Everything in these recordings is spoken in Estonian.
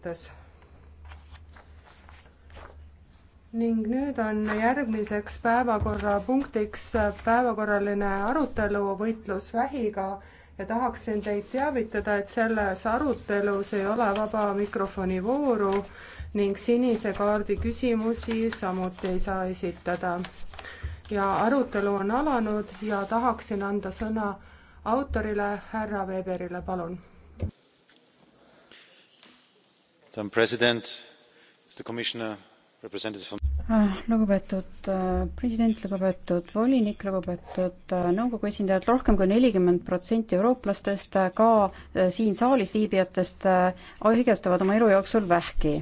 mõttes. ning nüüd on järgmiseks päevakorrapunktiks päevakorraline arutelu võitlus vähiga ja tahaksin teid teavitada, et selles arutelus ei ole vaba mikrofoni vooru ning sinise kaardi küsimusi samuti ei saa esitada. ja arutelu on alanud ja tahaksin anda sõna autorile härra Weberile, palun Ah, lugupeetud äh, president lugupeetud volinik lugupeetud äh, nõukogu esindajad rohkem kui nelikümmend protsenti eurooplastest äh, ka siin saalis viibijatest haigestavad oma elu jooksul vähki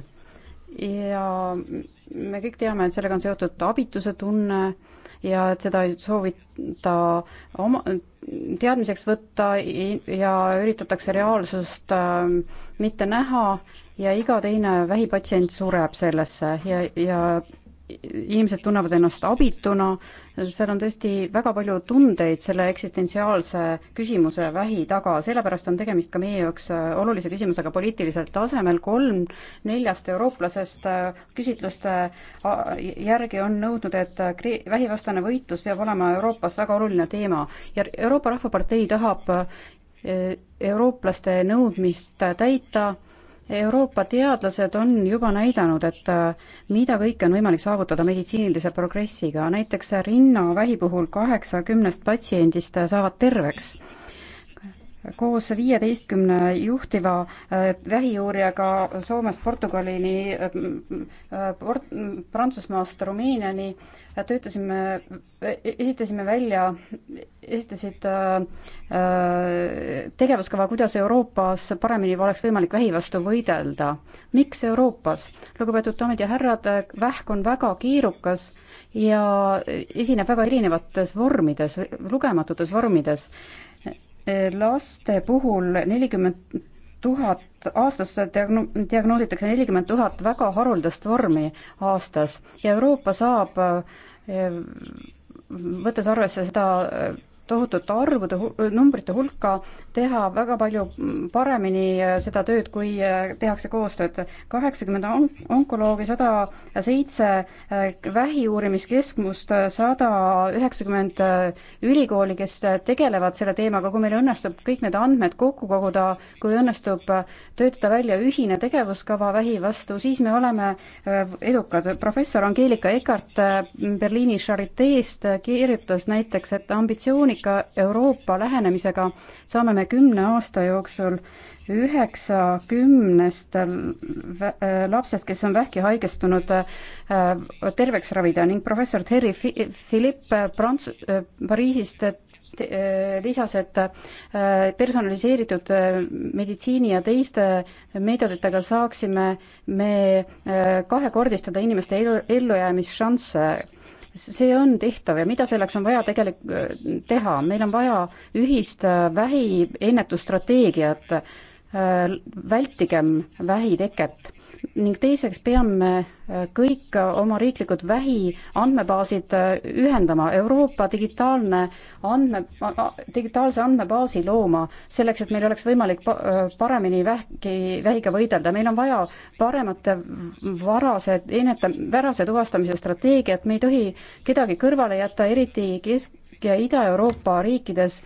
ja me kõik teame et sellega on seotud abituse tunne ja et seda ei soovita oma, teadmiseks võtta ja üritatakse reaalsust mitte näha ja iga teine vähipatsient sureb sellesse ja, ja inimesed tunnevad ennast abituna, seal on tõesti väga palju tundeid selle eksistentsiaalse küsimuse vähi taga, sellepärast on tegemist ka meie jaoks olulise küsimusega poliitilisel tasemel, kolm neljast eurooplasest äh, küsitluste äh, järgi on nõudnud, et äh, kri-, vähivastane võitlus peab olema Euroopas väga oluline teema ja Euroopa Rahvapartei tahab eurooplaste nõudmist täita Euroopa teadlased on juba näidanud, et äh, mida kõike on võimalik saavutada meditsiinilise progressiga, näiteks rinnavähi puhul kaheksakümnest patsiendist äh, saavad terveks. koos viieteistkümne juhtiva äh, vähiuurijaga Soomest Portugalini, Port-, Prantsusmaast Rumeeniani töötasime, e-, e-, esitasime välja esitasid äh, äh, tegevuskava, kuidas Euroopas paremini oleks võimalik vähi vastu võidelda. miks Euroopas? lugupeetud daamid ja härrad, vähk on väga keerukas ja esineb väga erinevates vormides, lugematutes vormides. laste puhul nelikümmend tuhat aastas diagno-, diagnoositakse nelikümmend tuhat väga haruldast vormi aastas ja Euroopa saab äh, võttes arvesse seda tohutut arvude, numbrite hulka, teha väga palju paremini äh, seda tööd, kui äh, tehakse koostööd. kaheksakümmend onkoloogi, sada seitse äh, vähiuurimiskeskmust, sada üheksakümmend ülikooli, kes tegelevad selle teemaga, kui meil õnnestub kõik need andmed kokku koguda, kui õnnestub töötada välja ühine tegevuskava vähi vastu, siis me oleme edukad. professor Angeelika Ekart Berliini Charité'st kirjutas näiteks, et ambitsiooniks energeetika Euroopa lähenemisega saame me kümne aasta jooksul üheksa kümnest lapsest, kes on vähki haigestunud, äh, terveks ravida ning professor Terry Philippe Prants-, Pariisist äh, lisas, et äh, personaliseeritud meditsiini ja teiste meetoditega saaksime me kahekordistada inimeste elu, ellujäämisšansse see on tehtav ja mida selleks on vaja tegelikult teha, meil on vaja ühist äh, vähiennetusstrateegiat Äh, vältigem vähi teket ning teiseks peame äh, kõik oma riiklikud vähi andmebaasid äh, ühendama, Euroopa digitaalne andme, digitaalse andmebaasi looma, selleks et meil oleks võimalik paremini vähki, vähiga võidelda, meil on vaja paremat varase enneta-, värase tuvastamise strateegiat, me ei tohi kedagi kõrvale jätta, eriti Kesk- ja Ida-Euroopa riikides,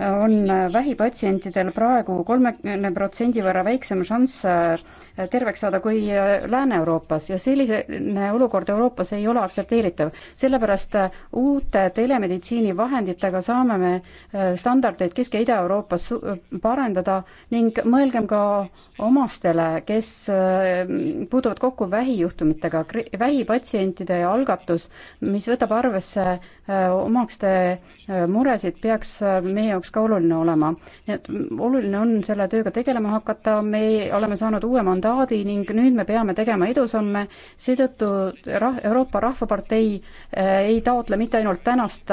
on vähipatsientidel praegu kolmekümne protsendi võrra väiksem šanss äh, terveks saada kui äh, Lääne-Euroopas ja selline olukord Euroopas ei ole aktsepteeritav. sellepärast äh, uute telemeditsiinivahenditega saame me standardeid Kesk- ja Ida-Euroopas parendada ning mõelgem ka omastele, kes puutuvad kokku vähijuhtumitega. vähipatsientide algatus, mis võtab arvesse omaste muresid, peaks meie jaoks ka oluline olema. nii et oluline on selle tööga tegelema hakata, me oleme saanud uue mandaadi ning nüüd me peame tegema edusamme, seetõttu rah-, Euroopa Rahvapartei eh, ei taotle mitte ainult tänast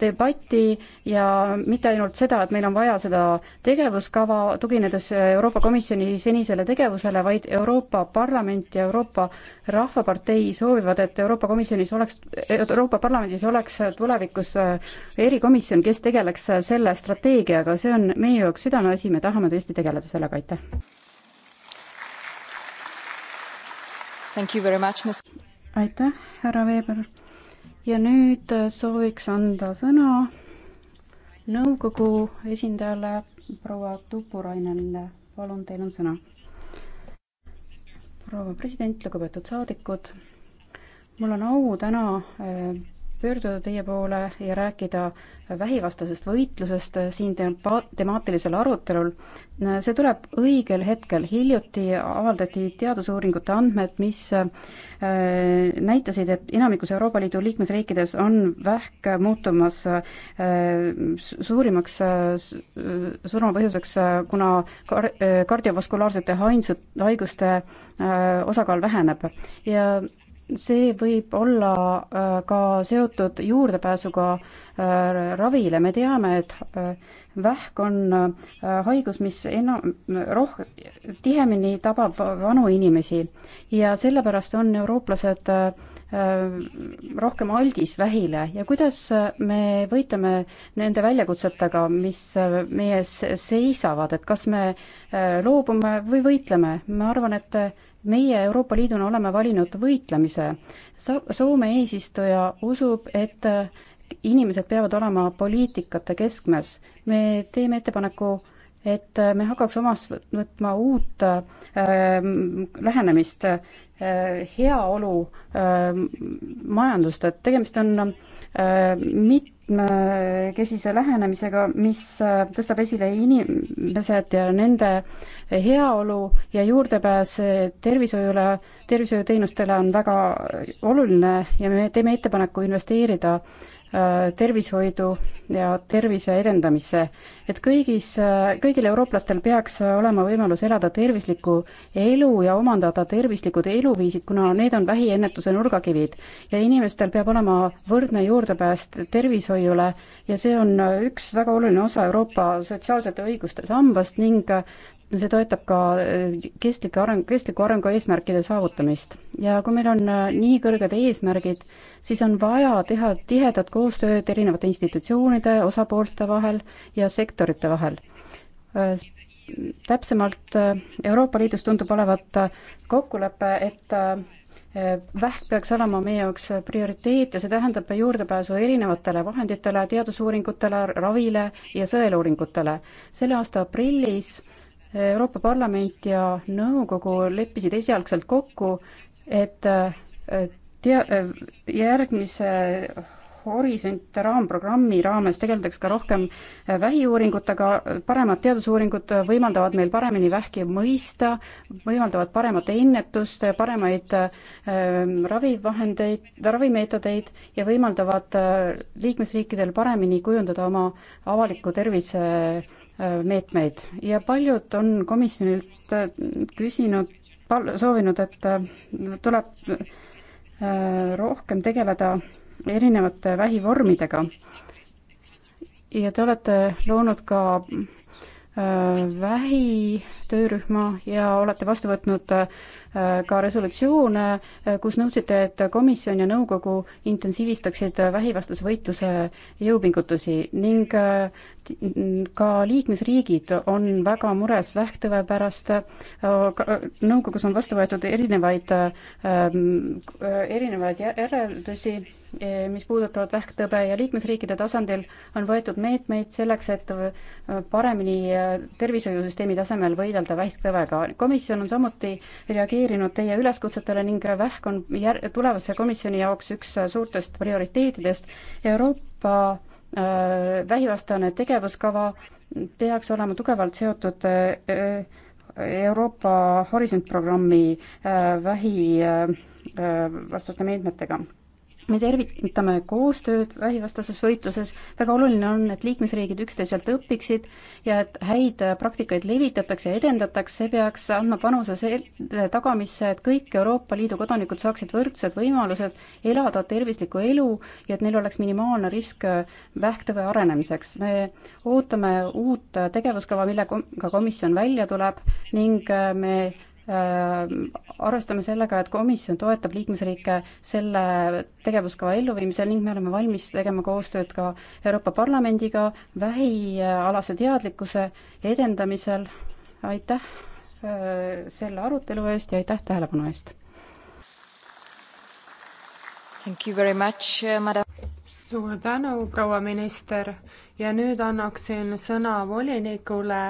debatti ja mitte ainult seda, et meil on vaja seda tegevuskava, tuginedes Euroopa Komisjoni senisele tegevusele, vaid Euroopa Parlament ja Euroopa Rahvapartei soovivad, et Euroopa Komisjonis oleks, Euroopa Parlamendis oleks tulevikus eh, erikomisjon, kes tegeleks selle strateegiaga, see on meie jaoks südameasi, me tahame tõesti tegeleda sellega, aitäh! aitäh, härra Veeber! ja nüüd äh, sooviks anda sõna nõukogu esindajale proua Tupurainenile. palun, teil on sõna. proua president, lugupeetud saadikud, mul on au täna äh, pöörduda teie poole ja rääkida vähivastasest võitlusest siin tema-, temaatilisel arutelul. see tuleb õigel hetkel, hiljuti avaldati teadusuuringute andmed, mis äh, näitasid, et enamikus Euroopa Liidu liikmesriikides on vähk muutumas äh, suurimaks äh, surmapõhjuseks, kuna kar-, kardiovaskulaarsete hainsu-, haiguste osakaal väheneb ja see võib olla äh, ka seotud juurdepääsuga äh, ravile, me teame, et äh, vähk on haigus, mis enam, roh-, tihemini tabab vanu inimesi ja sellepärast on eurooplased rohkem aldis vähile ja kuidas me võitleme nende väljakutsetega, mis meie ees seisavad, et kas me loobume või võitleme, ma arvan, et meie Euroopa Liiduna oleme valinud võitlemise. Soome eesistuja usub, et äh, inimesed peavad olema poliitikate keskmes. me teeme ettepaneku et äh, me hakkaks omas võtma uut äh, lähenemist äh, heaolu äh, majandust, et tegemist on äh, mit-, mitmekesise lähenemisega, mis äh, tõstab esile inimesed ja nende heaolu ja juurdepääs tervishoiule, tervishoiuteenustele on väga oluline ja me teeme ettepaneku investeerida Äh, tervishoidu ja tervise edendamisse. et kõigis, äh, kõigil eurooplastel peaks äh, olema võimalus elada tervislikku elu ja omandada tervislikud eluviisid, kuna need on vähiennetuse nurgakivid. ja inimestel peab olema võrdne juurdepääs tervishoiule ja see on üks väga oluline osa Euroopa sotsiaalsete õiguste sambast ning see toetab ka äh, kestlike areng, kestliku arengu eesmärkide saavutamist. ja kui meil on äh, nii kõrged eesmärgid, siis on vaja teha tihedat koostööd erinevate institutsioonide, osapoolte vahel ja sektorite vahel. Äh, täpsemalt Euroopa Liidus tundub olevat kokkulepe, et vähk peaks olema meie jaoks prioriteet ja see tähendab juurdepääsu erinevatele vahenditele, teadusuuringutele, ravile ja sõeluuringutele. selle aasta aprillis äh, Euroopa Parlament ja Nõukogu leppisid esialgselt kokku, et tea-, järgmise Horisont raamprogrammi raames tegeldakse ka rohkem vähiuuringutega, paremad teadusuuringud võimaldavad meil paremini vähki mõista, võimaldavad paremat ennetust, paremaid äh, ravivahendeid, ravimeetodeid ja võimaldavad äh, liikmesriikidel paremini kujundada oma avaliku tervise äh, meetmeid ja paljud on komisjonilt äh, küsinud, soovinud, et äh, tuleb äh, rohkem tegeleda erinevate vähivormidega. ja te olete loonud ka vähitöörühma ja olete vastu võtnud ka resolutsioone, kus nõudsite, et komisjon ja nõukogu intensiivistaksid vähivastase võitluse jõupingutusi ning ka liikmesriigid on väga mures vähktõve pärast. nõukogus on vastu võetud erinevaid, ähm, erinevaid järeldusi, e, mis puudutavad vähktõbe ja liikmesriikide tasandil on võetud meetmeid selleks, et äh, paremini äh, tervishoiusüsteemi tasemel võidelda vähktõvega. komisjon on samuti reageerinud teie üleskutsetele ning vähk on jär-, tulevase komisjoni jaoks üks suurtest prioriteetidest. Euroopa Äh, vähivastane tegevuskava peaks olema tugevalt seotud äh, äh, Euroopa Horisont programmi vähivastaste meetmetega me tervitame koostööd vähivastases võitluses, väga oluline on, et liikmesriigid üksteiselt õpiksid ja et häid praktikaid levitatakse ja edendataks, see peaks andma panuse selle tagamisse, et kõik Euroopa Liidu kodanikud saaksid võrdsed võimalused elada tervislikku elu ja et neil oleks minimaalne risk vähktõve arenemiseks. me ootame uut tegevuskava, millega komisjon välja tuleb ning me Äh, arvestame sellega, et komisjon toetab liikmesriike selle tegevuskava elluviimisel ning me oleme valmis tegema koostööd ka Euroopa Parlamendiga vähialase teadlikkuse edendamisel. aitäh äh, selle arutelu eest ja aitäh tähelepanu eest! Uh, suur tänu, proua minister ja nüüd annaksin sõna volinikule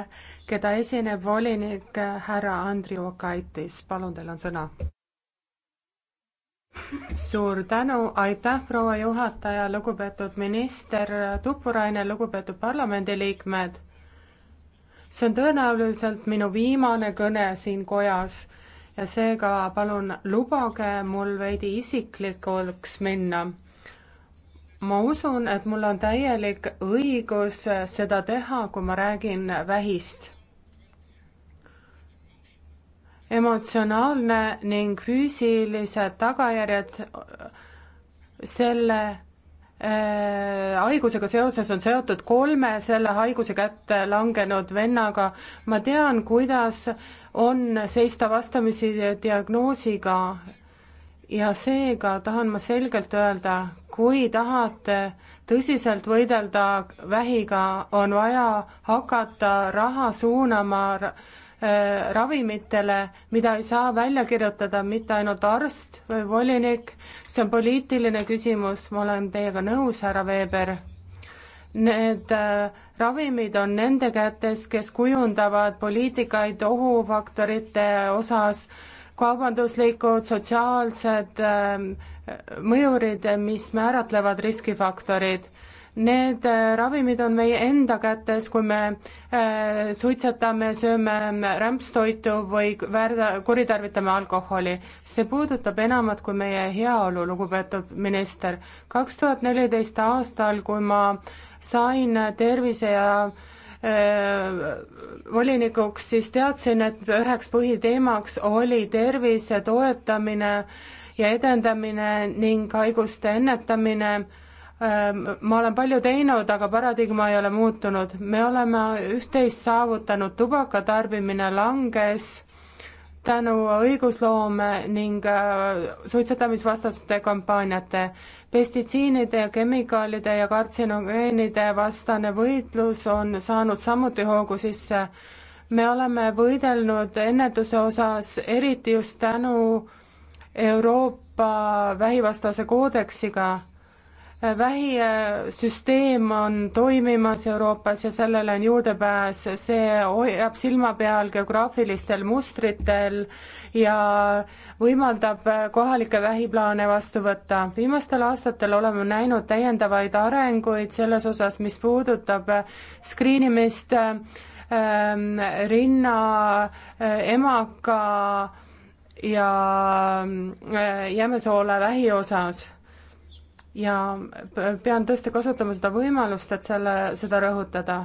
keda esineb volinik härra Andriu Kaitis. palun, teil on sõna. suur tänu, aitäh, proua juhataja, lugupeetud minister Tuppuraine, lugupeetud parlamendiliikmed. see on tõenäoliselt minu viimane kõne siin kojas ja seega palun lubage mul veidi isiklikuks minna ma usun, et mul on täielik õigus seda teha, kui ma räägin vähist emotsionaalne ning füüsilised tagajärjed selle äh, haigusega seoses on seotud kolme selle haiguse kätte langenud vennaga. ma tean, kuidas on seista vastamisi diagnoosiga ja seega tahan ma selgelt öelda, kui tahate tõsiselt võidelda vähiga, on vaja hakata raha suunama Äh, ravimitele, mida ei saa välja kirjutada mitte ainult arst või volinik, see on poliitiline küsimus, ma olen teiega nõus, härra Veber. Need äh, ravimid on nende kätes, kes kujundavad poliitikaid ohufaktorite osas, kaubanduslikud, sotsiaalsed äh, mõjurid, mis määratlevad riskifaktorid Need äh, ravimid on meie enda kätes, kui me äh, suitsetame, sööme rämpstoitu või väärda-, kuritarvitame alkoholi. see puudutab enamat kui meie heaolu, lugupeetud minister. kaks tuhat neliteist aastal, kui ma sain tervise ja äh, volinikuks, siis teadsin, et üheks põhiteemaks oli tervise toetamine ja edendamine ning haiguste ennetamine ma olen palju teinud, aga paradigma ei ole muutunud. me oleme üht-teist saavutanud, tubaka tarbimine langes tänu õigusloome ning suitsetamisvastaste kampaaniate. pestitsiinide, kemikaalide ja kartsinogeenide vastane võitlus on saanud samuti hoogu sisse. me oleme võidelnud ennetuse osas eriti just tänu Euroopa vähivastase koodeksiga vähisüsteem on toimimas Euroopas ja sellele on juurdepääs, see hoiab silma peal geograafilistel mustritel ja võimaldab kohalikke vähiplaane vastu võtta. viimastel aastatel oleme näinud täiendavaid arenguid selles osas, mis puudutab skriinimist ähm, rinna, äh, emaka ja äh, jämesoole vähi osas ja pean tõesti kasutama seda võimalust, et selle, seda rõhutada.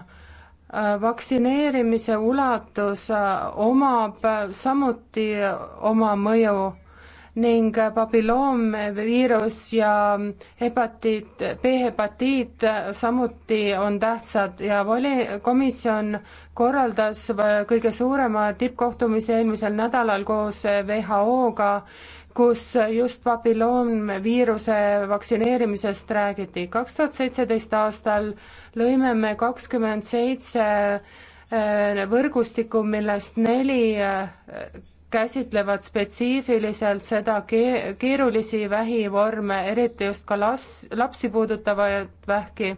Äh, vaktsineerimise ulatus äh, omab äh, samuti oma mõju ning papilloomviirus ja hepatiit, B-hepatiit samuti on tähtsad ja voli-, komisjon korraldas kõige suurema tippkohtumise eelmisel nädalal koos WHO-ga kus just papilloomviiruse vaktsineerimisest räägiti. kaks tuhat seitseteist aastal lõime me kakskümmend seitse eh, võrgustikku, millest neli eh, käsitlevad spetsiifiliselt seda keerulisi vähivorme, eriti just ka las-, lapsi puudutavat vähki.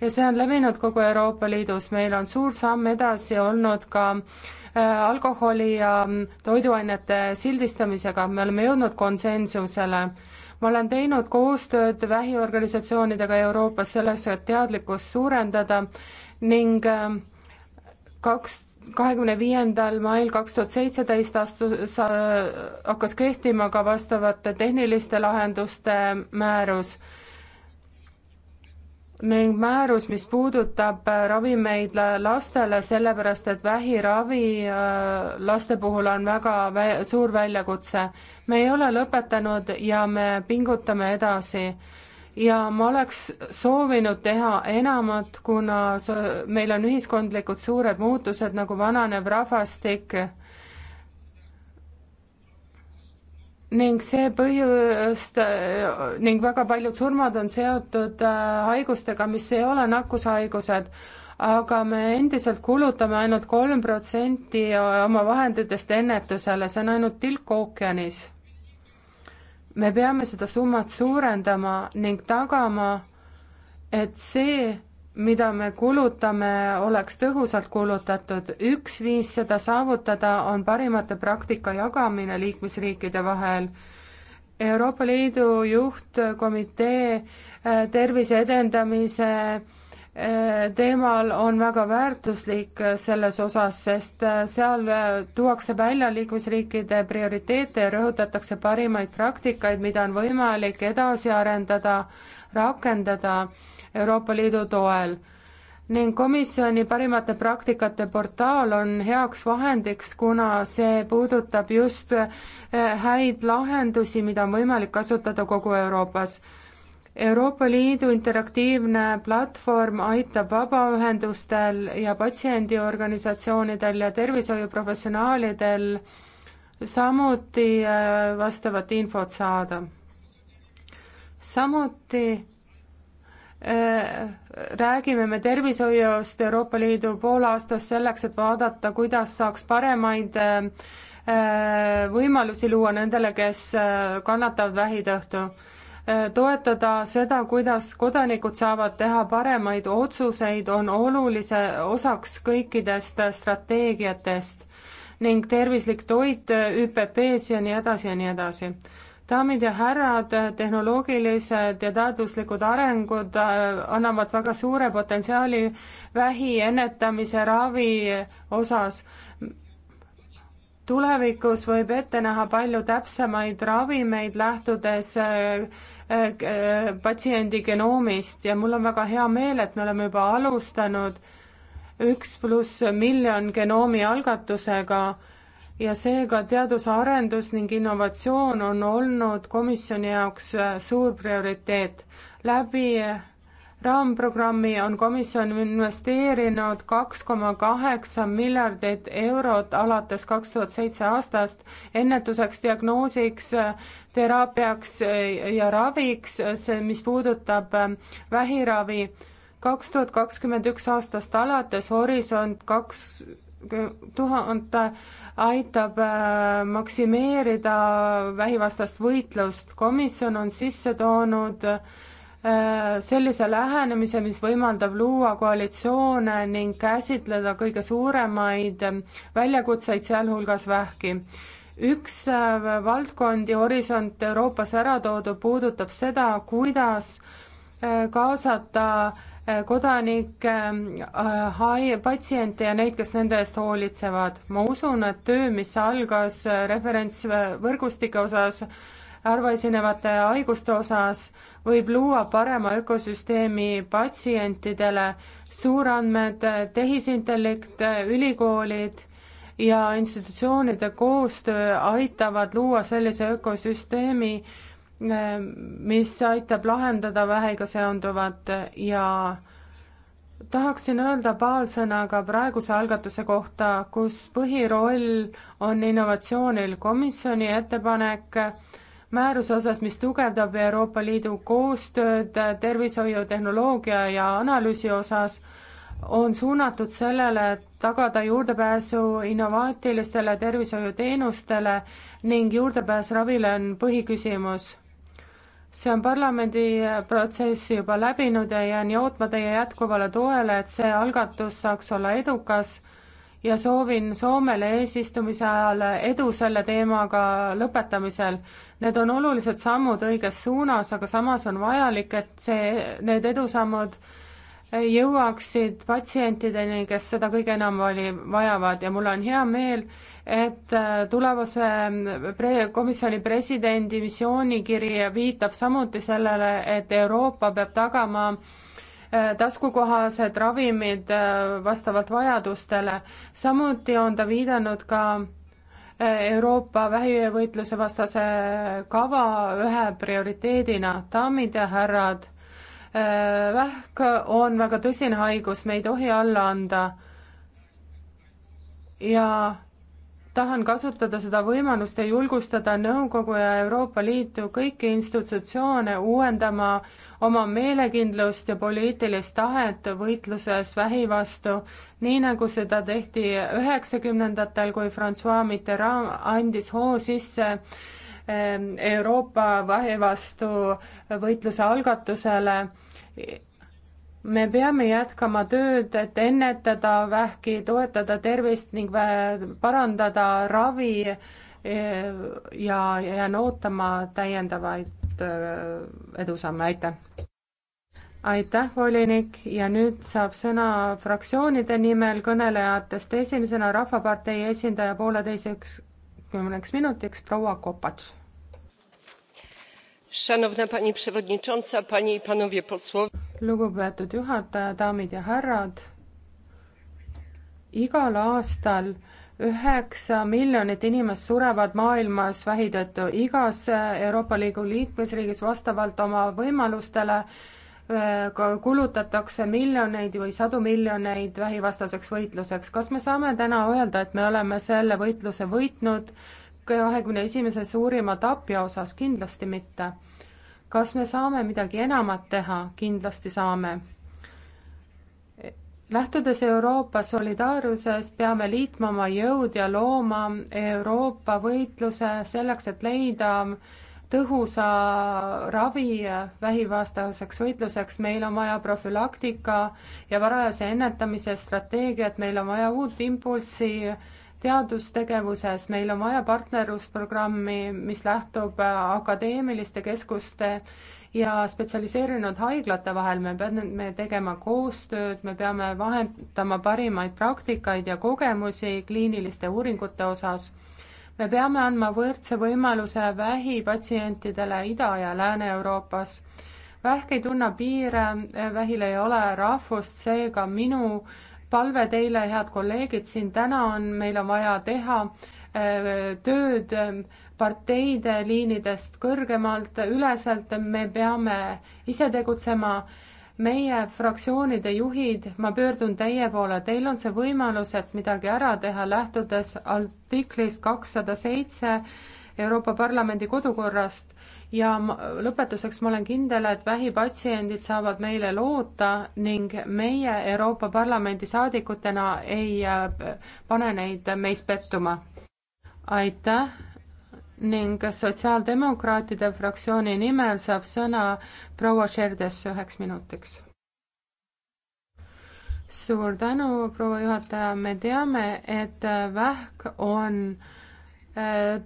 ja see on levinud kogu Euroopa Liidus, meil on suur samm edasi olnud ka äh, Äh, alkoholi ja mm, toiduainete sildistamisega, me oleme jõudnud konsensusele. ma olen teinud koostööd vähiorganisatsioonidega Euroopas selleks, et teadlikkust suurendada ning äh, kaks kahekümne viiendal mail kaks tuhat seitseteist astus, hakkas kehtima ka vastavate tehniliste lahenduste määrus ning määrus, mis puudutab äh, ravimeid lastele, sellepärast et vähiravi äh, laste puhul on väga vä suur väljakutse. me ei ole lõpetanud ja me pingutame edasi. ja ma oleks soovinud teha enamat, kuna meil on ühiskondlikud suured muutused nagu vananev rahvastik ning see põhjust ning väga paljud surmad on seotud äh, haigustega, mis ei ole nakkushaigused, aga me endiselt kulutame ainult kolm protsenti oma vahenditest ennetusele, see on ainult tilk ookeanis. me peame seda summat suurendama ning tagama, et see, mida me kulutame, oleks tõhusalt kulutatud. üks viis seda saavutada on parimate praktika jagamine liikmesriikide vahel. Euroopa Liidu juhtkomitee äh, tervise edendamise äh, teemal on väga väärtuslik äh, selles osas, sest seal tuuakse välja liikmesriikide prioriteete ja rõhutatakse parimaid praktikaid, mida on võimalik edasi arendada, rakendada Euroopa Liidu toel ning komisjoni parimate praktikate portaal on heaks vahendiks, kuna see puudutab just eh, häid lahendusi, mida on võimalik kasutada kogu Euroopas. Euroopa Liidu interaktiivne platvorm aitab vabaühendustel ja patsiendiorganisatsioonidel ja tervishoiuprofessionaalidel samuti eh, vastavat infot saada. samuti Äh, räägime me tervishoiust Euroopa Liidu poolaastas selleks, et vaadata, kuidas saaks paremaid äh, äh, võimalusi luua nendele, kes kannatavad vähitõhtu. toetada seda, kuidas kodanikud saavad teha paremaid otsuseid, on olulise osaks kõikidest strateegiatest ning tervislik toit ÜPP-s ja nii edasi ja nii edasi daamid ja härrad, tehnoloogilised ja teaduslikud arengud äh, annavad väga suure potentsiaali vähi ennetamise ravi osas. tulevikus võib ette näha palju täpsemaid ravimeid, lähtudes äh, äh, patsiendi genoomist ja mul on väga hea meel, et me oleme juba alustanud üks pluss miljon genoomi algatusega ja seega teaduse arendus ning innovatsioon on olnud komisjoni jaoks äh, suur prioriteet. läbi äh, raamprogrammi on komisjon investeerinud kaks koma kaheksa miljardit eurot alates kaks tuhat seitse aastast ennetuseks, diagnoosiks, äh, teraapiaks ja raviks, see, mis puudutab vähiravi. kaks tuhat kakskümmend üks aastast alates Horisont kaks tuhand aitab äh, maksimeerida vähivastast võitlust. komisjon on sisse toonud äh, sellise lähenemise, mis võimaldab luua koalitsioone ning käsitleda kõige suuremaid äh, väljakutseid, sealhulgas vähki. üks valdkondi Horisont Euroopas ära toodud puudutab seda, kuidas kaasata kodanikke, äh, patsiente ja neid, kes nende eest hoolitsevad. ma usun, et töö, mis algas referentsvõrgustike osas, harvaesinevate haiguste osas, võib luua parema ökosüsteemi patsientidele, suurandmed, tehisintellekt, ülikoolid ja institutsioonide koostöö aitavad luua sellise ökosüsteemi, mis aitab lahendada vähiga seonduvat ja tahaksin öelda paar sõna ka praeguse algatuse kohta, kus põhiroll on innovatsioonil. komisjoni ettepanek määruse osas, mis tugevdab Euroopa Liidu koostööd tervishoiutehnoloogia ja analüüsi osas, on suunatud sellele, et tagada juurdepääsu innovaatilistele tervishoiuteenustele ning juurdepääs ravile on põhiküsimus see on parlamendi eh, protsessi juba läbinud ja jään jootma teie jätkuvale toele, et see algatus saaks olla edukas ja soovin Soomele eesistumise ajal edu selle teemaga lõpetamisel. Need on olulised sammud õiges suunas, aga samas on vajalik, et see, need edusammud jõuaksid patsientideni, kes seda kõige enam oli, vajavad ja mul on hea meel, et äh, tulevase äh, pre-, komisjoni presidendi missioonikiri viitab samuti sellele, et Euroopa peab tagama äh, taskukohased ravimid vastavalt vajadustele. samuti on ta viidanud ka Euroopa vähivõitluse vastase kava ühe prioriteedina. daamid ja härrad Äh, vähk on väga tõsine haigus, me ei tohi alla anda. ja tahan kasutada seda võimalust ja julgustada Nõukogu ja Euroopa Liitu kõiki institutsioone uuendama oma meelekindlust ja poliitilist tahet võitluses vähi vastu, nii nagu seda tehti üheksakümnendatel, kui Francois Mitterrand andis hoo sisse Ähm, Euroopa vahi vastu võitluse algatusele. me peame jätkama tööd, et ennetada vähki, toetada tervist ning parandada ravi äh, ja jään ootama täiendavaid äh, edusamme, aitäh! aitäh, volinik, ja nüüd saab sõna fraktsioonide nimel kõnelejatest esimesena Rahvapartei esindaja pooleteiseks kümneks minutiks, proua Kopats lugupeetud juhataja daamid ja härrad igal aastal üheksa miljonit inimest surevad maailmas vähi tõttu igas euroopa liidu liikmesriigis vastavalt oma võimalustele äh, kulutatakse miljoneid või sadu miljoneid vähivastaseks võitluseks kas me saame täna öelda et me oleme selle võitluse võitnud kahekümne esimese suurima tapja osas kindlasti mitte. kas me saame midagi enamat teha? kindlasti saame. lähtudes Euroopa solidaarsusest, peame liitma oma jõud ja looma Euroopa võitluse selleks, et leida tõhusa ravi vähivastaseks võitluseks, meil on vaja profülaktika ja varajase ennetamise strateegiat, meil on vaja uut impulssi teadustegevuses, meil on vaja partnerlusprogrammi, mis lähtub äh, akadeemiliste keskuste ja spetsialiseerunud haiglate vahel, me peame tegema koostööd, me peame vahetama parimaid praktikaid ja kogemusi kliiniliste uuringute osas. me peame andma võrdse võimaluse vähipatsientidele Ida- ja Lääne-Euroopas. vähk ei tunne piire, vähil ei ole rahvust, seega minu äh, palve teile, head kolleegid, siin täna on, meil on vaja teha äh, tööd ähm, parteide liinidest kõrgemalt, üleselt, me peame ise tegutsema. meie fraktsioonide juhid, ma pöördun teie poole, teil on see võimalus, et midagi ära teha, lähtudes artiklist kakssada seitse Euroopa Parlamendi kodukorrast ja lõpetuseks ma olen kindel, et vähipatsiendid saavad meile loota ning meie Euroopa Parlamendi saadikutena ei äh, pane neid meis pettuma. aitäh ning Sotsiaaldemokraatide fraktsiooni nimel saab sõna proua Šerdes üheks minutiks. suur tänu, proua juhataja, me teame, et äh, vähk on äh,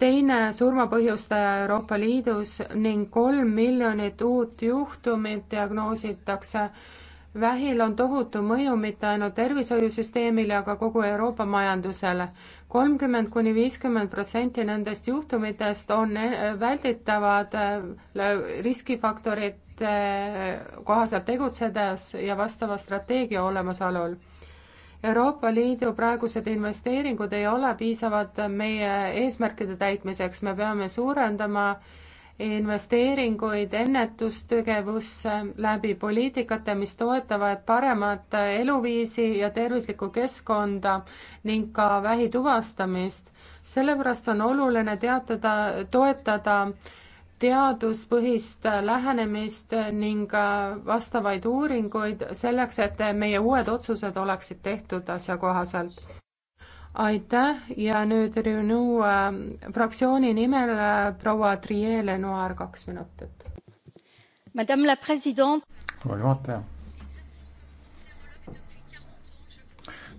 teine surmapõhjustaja Euroopa Liidus ning kolm miljonit uut juhtumit diagnoositakse. vähil on tohutu mõju mitte ainult tervishoiusüsteemile, aga kogu Euroopa majandusele. kolmkümmend kuni viiskümmend protsenti nendest juhtumitest on välditavad äh, riskifaktorite äh, kohaselt tegutsedes ja vastava strateegia olemasolul Euroopa Liidu praegused investeeringud ei ole piisavad meie eesmärkide täitmiseks, me peame suurendama investeeringuid ennetustegevusse läbi poliitikate, mis toetavad paremat eluviisi ja tervislikku keskkonda ning ka vähi tuvastamist. sellepärast on oluline teatada, toetada teaduspõhist lähenemist ning vastavaid uuringuid selleks, et meie uued otsused oleksid tehtud asjakohaselt. aitäh ja nüüd Renew äh, fraktsiooni nimel äh, proua Triie Lenoir, kaks minutit. Madame la president. proua juhataja.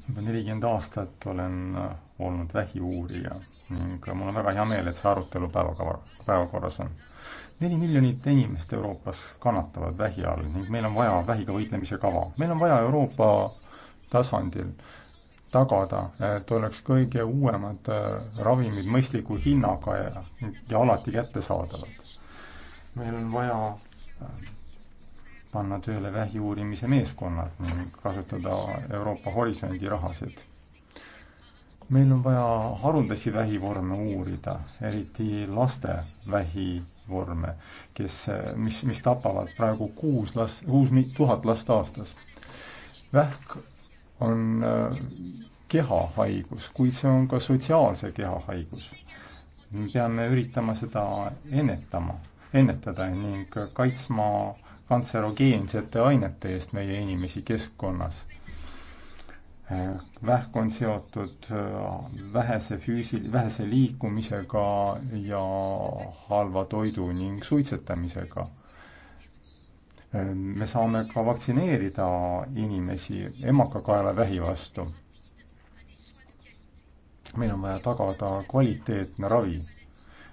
juba nelikümmend aastat olen äh, olnud vähiuurija ning mul on väga hea meel, et see arutelu päevakava, päevakorras on neli miljonit inimest Euroopas kannatavad vähi all ning meil on vaja vähiga võitlemise kava. meil on vaja Euroopa tasandil tagada, et oleks kõige uuemad äh, ravimid mõistliku hinnaga ja, ja alati kättesaadavad. meil on vaja äh, panna tööle vähi uurimise meeskonnad ning kasutada Euroopa Horisondi rahasid meil on vaja haruldasi vähivorme uurida, eriti laste vähivorme, kes, mis, mis tapavad praegu kuus last, kuus tuhat last aastas. vähk on äh, kehahaigus, kuid see on ka sotsiaalse keha haigus. me peame üritama seda ennetama, ennetada ning kaitsma kantserogeensete ainete eest meie inimesi keskkonnas Eh, vähk on seotud eh, vähese füüsil-, vähese liikumisega ja halva toidu ning suitsetamisega. Eh, me saame ka vaktsineerida inimesi emakakaelavähi vastu. meil on vaja tagada kvaliteetne ravi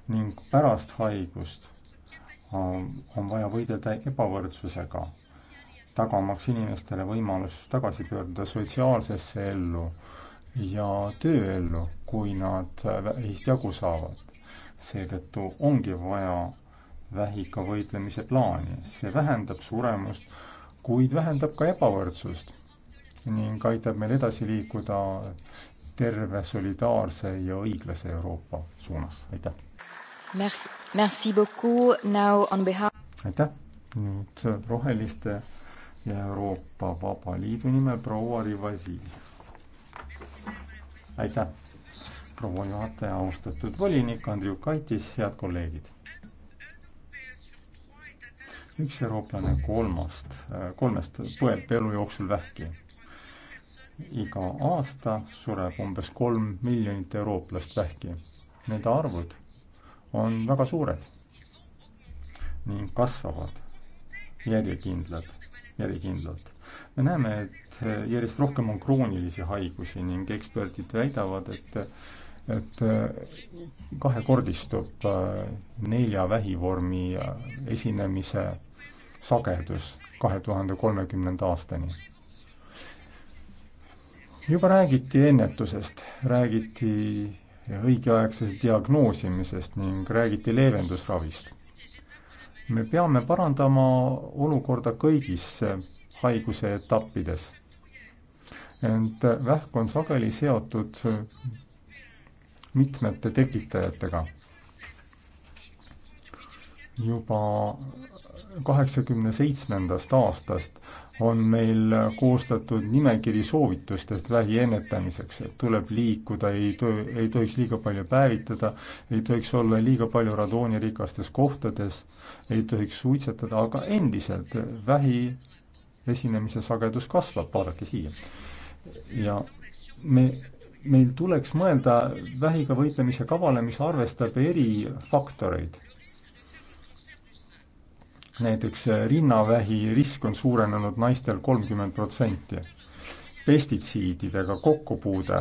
ning pärast haigust on vaja võidelda ebavõrdsusega tagamaks inimestele võimalus tagasi pöörduda sotsiaalsesse ellu ja tööellu, kui nad vähist jagu saavad. seetõttu ongi vaja vähiga võitlemise plaani. see vähendab suremust, kuid vähendab ka ebavõrdsust ning aitab meil edasi liikuda terve, solidaarse ja õiglase Euroopa suunas. aitäh! aitäh! nüüd roheliste ja Euroopa Vaba Liidu nimel proua Rivasi. aitäh, proua juhataja, austatud volinik Andriukaitis, head kolleegid. üks eurooplane kolmast, kolmest põeb elu jooksul vähki. iga aasta sureb umbes kolm miljonit eurooplast vähki. Nende arvud on väga suured ning kasvavad järjekindlad järjekindlalt. me näeme, et äh, järjest rohkem on kroonilisi haigusi ning eksperdid väidavad, et et äh, kahekordistub äh, nelja vähivormi esinemise sagedus kahe tuhande kolmekümnenda aastani. juba räägiti ennetusest, räägiti õigeaegsest diagnoosimisest ning räägiti leevendusravist me peame parandama olukorda kõigis haiguse etappides. ent vähk on sageli seotud mitmete tekitajatega. juba kaheksakümne seitsmendast aastast on meil koostatud nimekiri soovitustest vähi ennetamiseks, et tuleb liikuda, ei tö-, ei tohiks liiga palju päevitada, ei tohiks olla liiga palju radoonirikastes kohtades, ei tohiks suitsetada, aga endiselt vähi esinemise sagedus kasvab, vaadake siia. ja me, meil tuleks mõelda vähiga võitlemise kavale, mis arvestab eri faktoreid näiteks äh, rinnavähi risk on suurenenud naistel kolmkümmend protsenti. pestitsiididega kokkupuude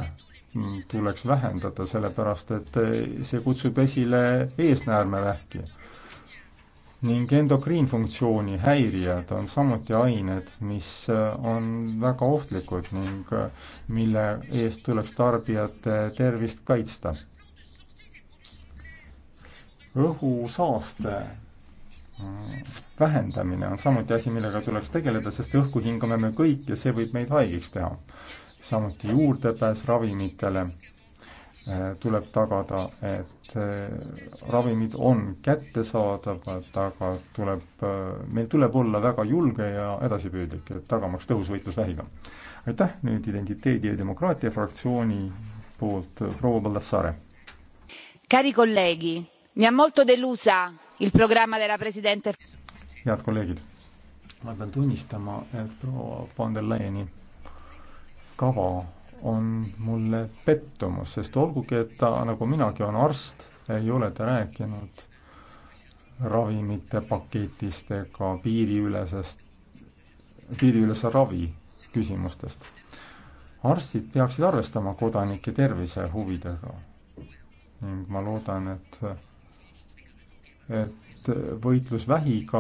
mm, tuleks vähendada, sellepärast et äh, see kutsub esile eesnäärmevähki. ning endokriinfunktsiooni häirijad on samuti ained, mis äh, on väga ohtlikud ning mille eest tuleks tarbijate tervist kaitsta. õhusaaste vähendamine on samuti asi, millega tuleks tegeleda, sest õhku hingame me kõik ja see võib meid haigeks teha. samuti juurdepääs ravimitele eh, tuleb tagada, et eh, ravimid on kättesaadavad, aga tuleb, eh, meil tuleb olla väga julge ja edasipüüdlik, et tagamaks tõhus võitlus vähiga. aitäh nüüd Identiteedi ja Demokraatia fraktsiooni poolt proua Baldassare. Cari colleghi, mi ha molto delusa il programma della presidente. head kolleegid, ma pean tunnistama, et proua von der Leyeni kava on mulle pettumus, sest olgugi, et ta nagu minagi on arst, ei ole ta rääkinud ravimite paketist ega piiriülesest, piiriülese ravi küsimustest. arstid peaksid arvestama kodanike tervise huvidega ning ma loodan, et et võitlus vähiga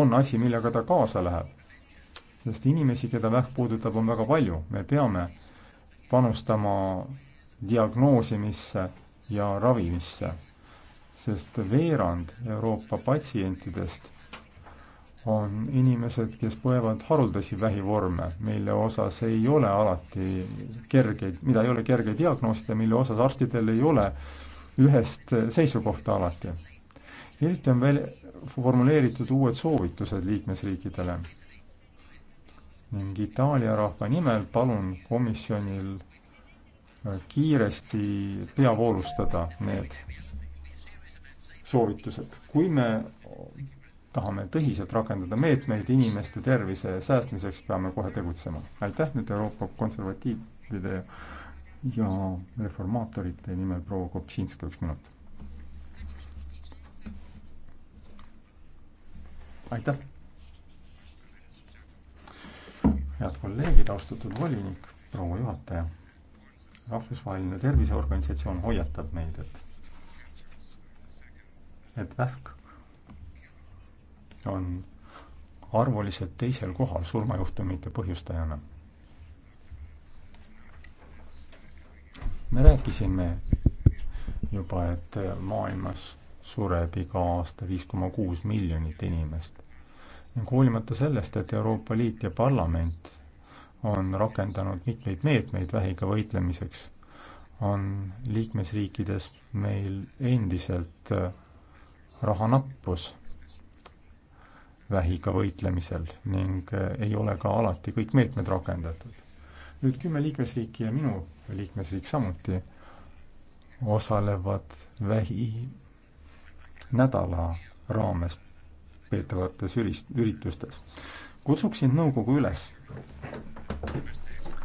on asi, millega ta kaasa läheb. sest inimesi, keda vähk puudutab, on väga palju, me peame panustama diagnoosimisse ja ravimisse, sest veerand Euroopa patsientidest on inimesed, kes põevad haruldasi vähivorme, mille osas ei ole alati kergeid, mida ei ole kerge diagnoosida, mille osas arstidel ei ole ühest seisukohta alati hiljuti on veel formuleeritud uued soovitused liikmesriikidele ning Itaalia rahva nimel palun komisjonil äh, kiiresti peavoolustada need soovitused. kui me tahame tõsiselt rakendada meetmeid inimeste tervise säästmiseks, peame kohe tegutsema. aitäh nüüd Euroopa konservatiivide ja reformaatorite nimel proua Kopšinska, üks minut aitäh! head kolleegid, austatud volinik, proua juhataja. rahvusvaheline Terviseorganisatsioon hoiatab meid, et et vähk on arvuliselt teisel kohal surmajuhtumite põhjustajana. me rääkisime juba, et maailmas sureb iga aasta viis koma kuus miljonit inimest ning hoolimata sellest, et Euroopa Liit ja parlament on rakendanud mitmeid meetmeid vähiga võitlemiseks, on liikmesriikides meil endiselt äh, rahanappus vähiga võitlemisel ning äh, ei ole ka alati kõik meetmed rakendatud. nüüd kümme liikmesriiki ja minu liikmesriik samuti osalevad vähi nädala raames peetavates ürist-, üritustes. kutsuksin nõukogu üles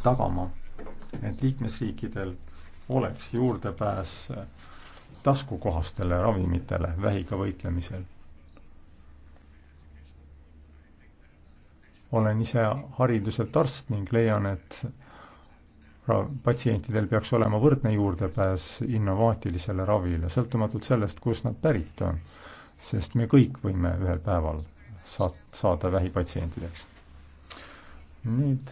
tagama, et liikmesriikidel oleks juurdepääs taskukohastele ravimitele vähiga võitlemisel. olen ise hariduselt arst ning leian, et patsientidel peaks olema võrdne juurdepääs innovaatilisele ravile, sõltumatult sellest, kust nad pärit on sest me kõik võime ühel päeval saat-, saada vähipatsientideks. nüüd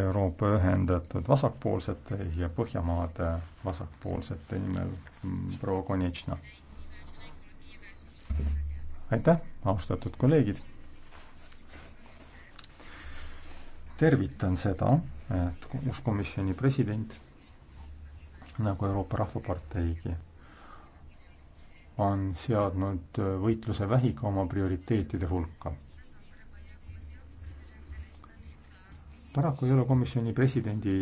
Euroopa Ühendatud Vasakpoolsete ja Põhjamaade Vasakpoolsete nimel mm, proua Konitšna. aitäh, austatud kolleegid! tervitan seda, et uus komisjoni president nagu Euroopa Rahvaparteigi on seadnud võitluse vähiga oma prioriteetide hulka. paraku ei ole komisjoni presidendi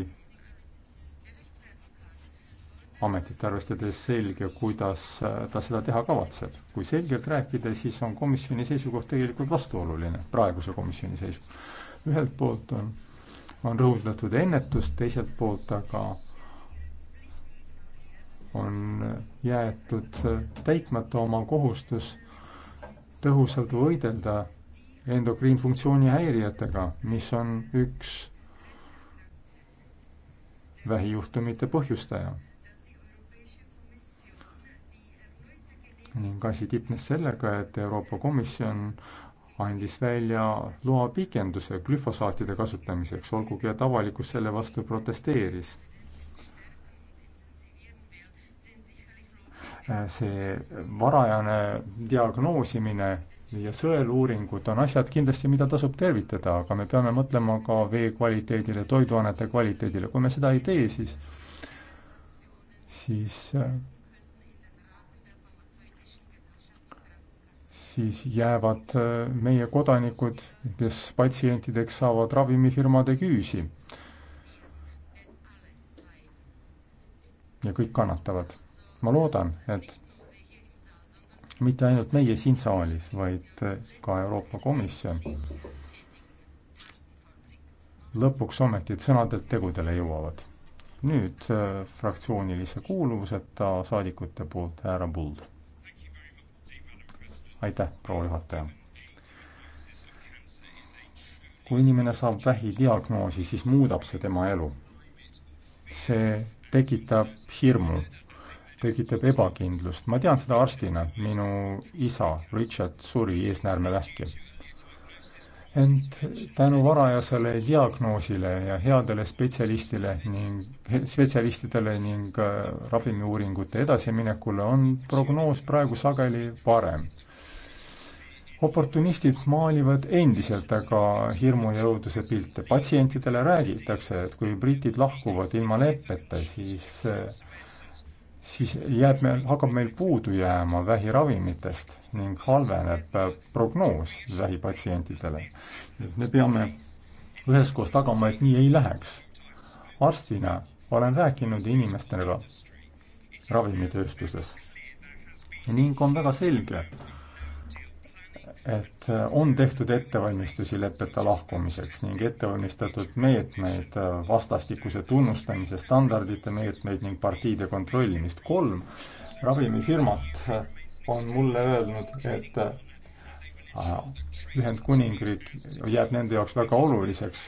ametit, arvestades selge, kuidas ta seda teha kavatseb. kui selgelt rääkida, siis on komisjoni seisukoht tegelikult vastuoluline, praeguse komisjoni seisukoht. ühelt poolt on, on rõhutatud ennetust, teiselt poolt aga on jäetud täitmata oma kohustus tõhusalt võidelda endokriinfunktsiooni häirijatega, mis on üks vähijuhtumite põhjustaja. ning asi tipnes sellega, et Euroopa Komisjon andis välja loa pikenduse glüfosaatide kasutamiseks, olgugi et avalikkus selle vastu protesteeris. Äh, see varajane diagnoosimine ja sõeluuringud on asjad kindlasti, mida tasub tervitada, aga me peame mõtlema ka vee kvaliteedile, toiduainete kvaliteedile, kui me seda ei tee, siis siis siis jäävad äh, meie kodanikud, kes patsientideks saavad ravimifirmade küüsi. ja kõik kannatavad ma loodan, et mitte ainult meie siin saalis, vaid ka Euroopa Komisjon lõpuks ometi sõnadelt tegudele jõuavad. nüüd äh, fraktsioonilise kuuluvuseta saadikute poolt härra Buld. aitäh, proua juhataja. kui inimene saab vähidiagnoosi, siis muudab see tema elu. see tekitab hirmu tekitab ebakindlust. ma tean seda arstina, minu isa Richard suri eesnäärmevähki. ent tänu varajasele diagnoosile ja headele spetsialistile ning, spetsialistidele ning äh, ravimiuuringute edasiminekule on prognoos praegu sageli parem oportunistid maalivad endiselt aga hirmu ja õuduse pilte. patsientidele räägitakse, et kui britid lahkuvad ilma leppeta, siis äh, siis jääb meil, hakkab meil puudu jääma vähiravimitest ning halveneb äh, prognoos vähipatsientidele. et me peame üheskoos tagama, et nii ei läheks. arstina olen rääkinud inimestega ravimitööstuses ning on väga selge, et äh, on tehtud ettevalmistusi lepeta lahkumiseks ning ettevalmistatud meetmeid, äh, vastastikuse tunnustamise standardite meetmeid ning partiide kontrollimist. kolm ravimifirmat äh, on mulle öelnud, et Ühendkuningriik jääb nende jaoks väga oluliseks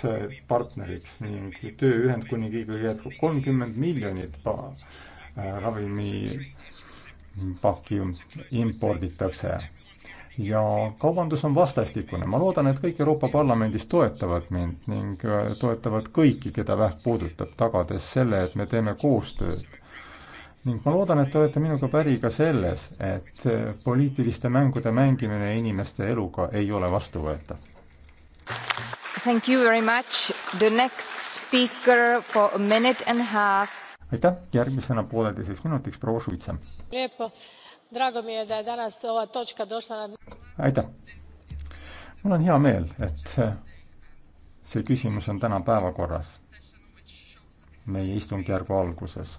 partneriks ning töö Ühendkuningriigiga jätkub kolmkümmend miljonit ravimipakki imporditakse ja kaubandus on vastastikune. ma loodan, et kõik Euroopa Parlamendis toetavad mind ning äh, toetavad kõiki, keda vähk puudutab, tagades selle, et me teeme koostööd. ning ma loodan, et te olete minuga päri ka selles, et äh, poliitiliste mängude mängimine inimeste eluga ei ole vastuvõetav. Thank you very much. The next speaker for a minute and a half aitäh, järgmisena pooleteiseks minutiks proua Šuitsa. aitäh. mul on hea meel, et eh, see küsimus on täna päevakorras, meie istungjärgu alguses.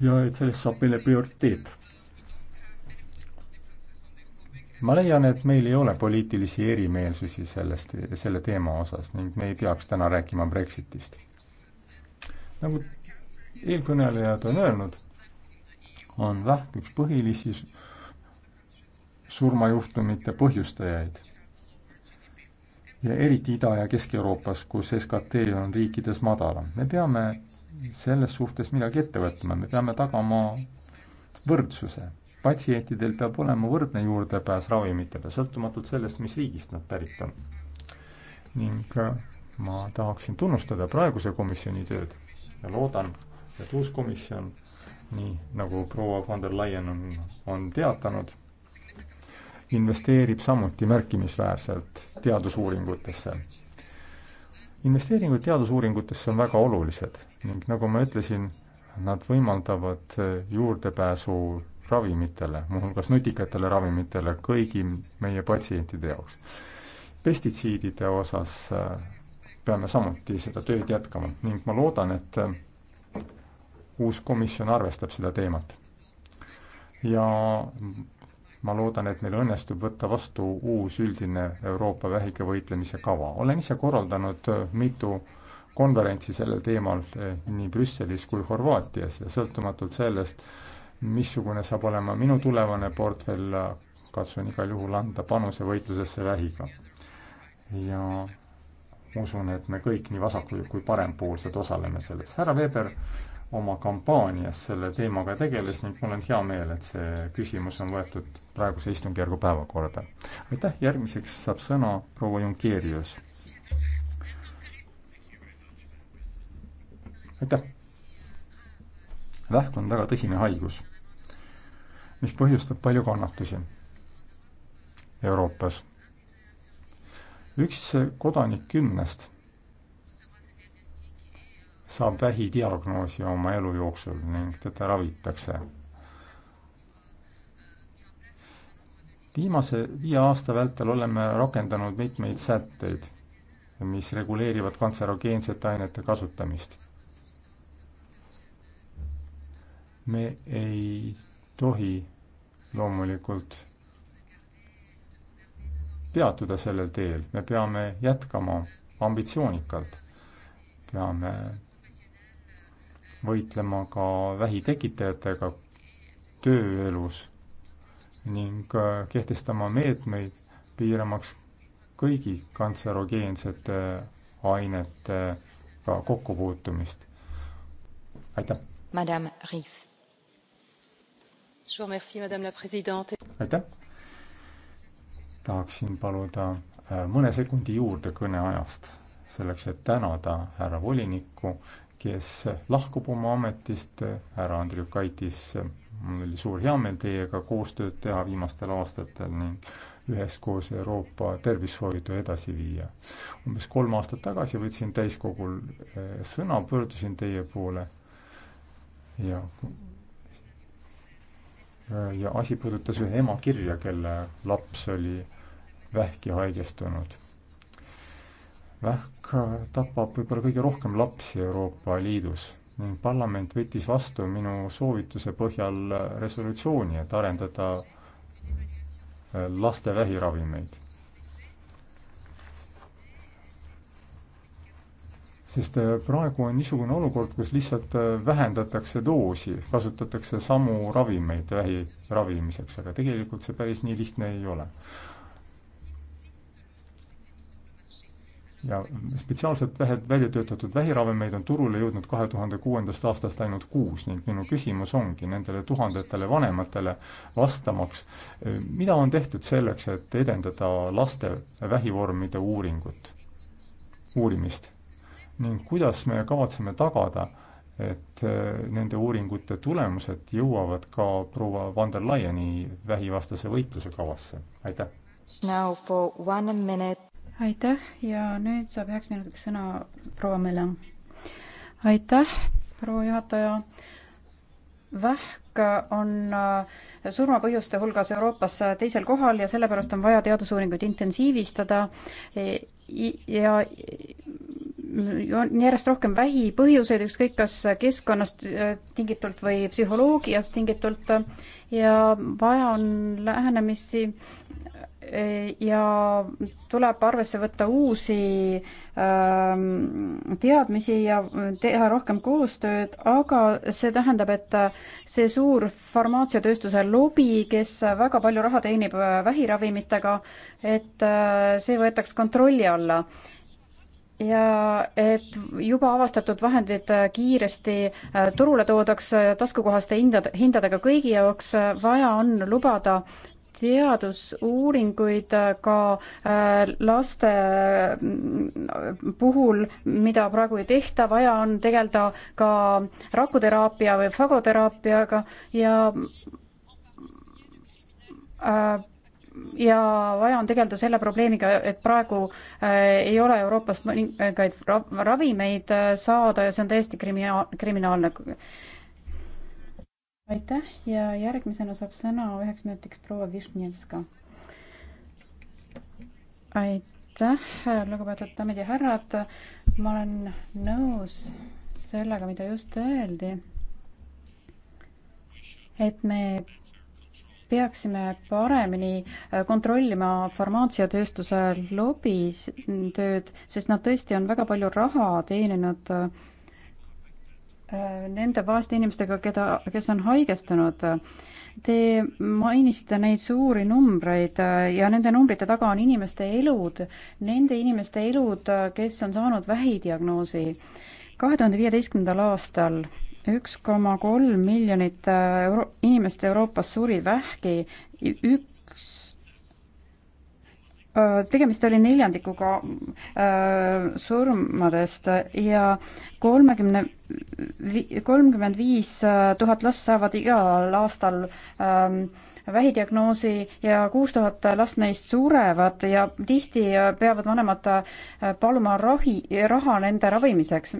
ja et sellest saab meile prioriteet. ma leian, et meil ei ole poliitilisi erimeelsusi sellest, selle teema osas ning me ei peaks täna rääkima Brexitist. nagu eelkõnelejad on öelnud, on vähk üks põhilisi surmajuhtumite põhjustajaid. ja eriti Ida- ja Kesk-Euroopas, kus SKT on riikides madalam. me peame selles suhtes midagi ette võtma, me peame tagama võrdsuse. patsientidel peab olema võrdne juurdepääs ravimitele, sõltumatult sellest, mis riigist nad pärit on. ning äh, ma tahaksin tunnustada praeguse komisjoni tööd ja loodan, et uus komisjon, nii nagu proua von der Leyen on, on teatanud, investeerib samuti märkimisväärselt teadusuuringutesse. investeeringud teadusuuringutesse on väga olulised ning nagu ma ütlesin, nad võimaldavad juurdepääsu ravimitele, muuhulgas nutikatele ravimitele kõigi meie patsientide jaoks. pestitsiidide osas äh, peame samuti seda tööd jätkama ning ma loodan, et äh, uus komisjon arvestab seda teemat. ja ma loodan, et meil õnnestub võtta vastu uus üldine Euroopa vähike võitlemise kava. olen ise korraldanud mitu konverentsi sellel teemal eh, nii Brüsselis kui Horvaatias ja sõltumatult sellest, missugune saab olema minu tulevane portfell, katsun igal juhul anda panuse võitlusesse vähiga. ja usun, et me kõik, nii vasaku- kui parempoolsed, osaleme selles. härra Weber oma kampaanias selle teemaga tegeles ning mul on hea meel, et see küsimus on võetud praeguse istungjärgu päevakorda. aitäh, järgmiseks saab sõna proua Junkeerius. aitäh. vähk on väga tõsine haigus, mis põhjustab palju kannatusi Euroopas. üks kodanik kümnest saab vähidiagnoosi oma elu jooksul ning teda ravitakse. viimase viie aasta vältel oleme rakendanud mitmeid sätteid, mis reguleerivad kantserogeensete ainete kasutamist. me ei tohi loomulikult peatuda sellel teel, me peame jätkama ambitsioonikalt. peame võitlema ka vähi tekitajatega tööelus ning äh, kehtestama meetmeid, piiramaks kõigi kantserogeensete ainetega kokkupuutumist. aitäh! aitäh! tahaksin paluda äh, mõne sekundi juurde kõneajast, selleks et tänada härra volinikku kes lahkub oma ametist, härra Andriukaitis, mul oli suur heameel teiega koostööd teha viimastel aastatel ning üheskoos Euroopa tervishoidu edasi viia. umbes kolm aastat tagasi võtsin täiskogul eh, sõna, pöördusin teie poole ja eh, ja asi puudutas ühe ema kirja, kelle laps oli vähki haigestunud vähk äh, tapab võib-olla kõige rohkem lapsi Euroopa Liidus ning parlament võttis vastu minu soovituse põhjal äh, resolutsiooni, et arendada äh, laste vähiravimeid. sest praegu on niisugune olukord, kus lihtsalt vähendatakse doosi, kasutatakse samu ravimeid vähi ravimiseks, aga tegelikult see päris nii lihtne ei ole ja spetsiaalselt vähed, välja töötatud vähiravimeid on turule jõudnud kahe tuhande kuuendast aastast ainult kuus ning minu küsimus ongi nendele tuhandetele vanematele vastamaks, mida on tehtud selleks, et edendada laste vähivormide uuringut, uurimist ning kuidas me kavatseme tagada, et äh, nende uuringute tulemused jõuavad ka proua van der Leyeni vähivastase võitluse kavasse, aitäh! aitäh ja nüüd saab üheks minutiks sõna proua Mele. aitäh, proua juhataja. vähk on äh, surmapõhjuste hulgas Euroopas äh, teisel kohal ja sellepärast on vaja teadusuuringuid intensiivistada e, ja on järjest rohkem vähipõhjuseid, ükskõik kas keskkonnast äh, tingitult või psühholoogiast tingitult ja vaja on lähenemisi ja tuleb arvesse võtta uusi ähm, teadmisi ja teha rohkem koostööd, aga see tähendab, et see suur farmaatsiatööstuse lobi, kes väga palju raha teenib äh, vähiravimitega, et äh, see võetaks kontrolli alla ja et juba avastatud vahendid äh, kiiresti äh, turule toodaks taskukohaste hindad, hindadega kõigi jaoks, vaja on lubada teadusuuringuid ka äh, laste mm, puhul, mida praegu ei tehta, vaja on tegeleda ka rakuteraapia või fagoteraapiaga ja äh, ja vaja on tegeleda selle probleemiga, et praegu äh, ei ole Euroopas mõningaid ravimeid saada ja see on täiesti kriminaal-, kriminaalne aitäh ja järgmisena saab sõna üheks minutiks proua Višnjevska. aitäh, lugupeetud daamid ja härrad. ma olen nõus sellega, mida just öeldi. et me peaksime paremini äh, kontrollima farmaatsiatööstuse lobitööd, sest nad tõesti on väga palju raha teeninud äh, nende vaeste inimestega, keda, kes on haigestunud. Te mainisite neid suuri numbreid ja nende numbrite taga on inimeste elud, nende inimeste elud, kes on saanud vähidiagnoosi. kahe tuhande viieteistkümnendal aastal üks koma kolm miljonit euro-, inimest Euroopas suri vähki, Äh, tegemist oli neljandikuga äh, surmadest ja kolmekümne, kolmkümmend viis äh, tuhat last saavad igal aastal ähm, vähidiagnoosi ja kuus tuhat last neist surevad ja tihti peavad vanemad paluma rahi, raha nende ravimiseks.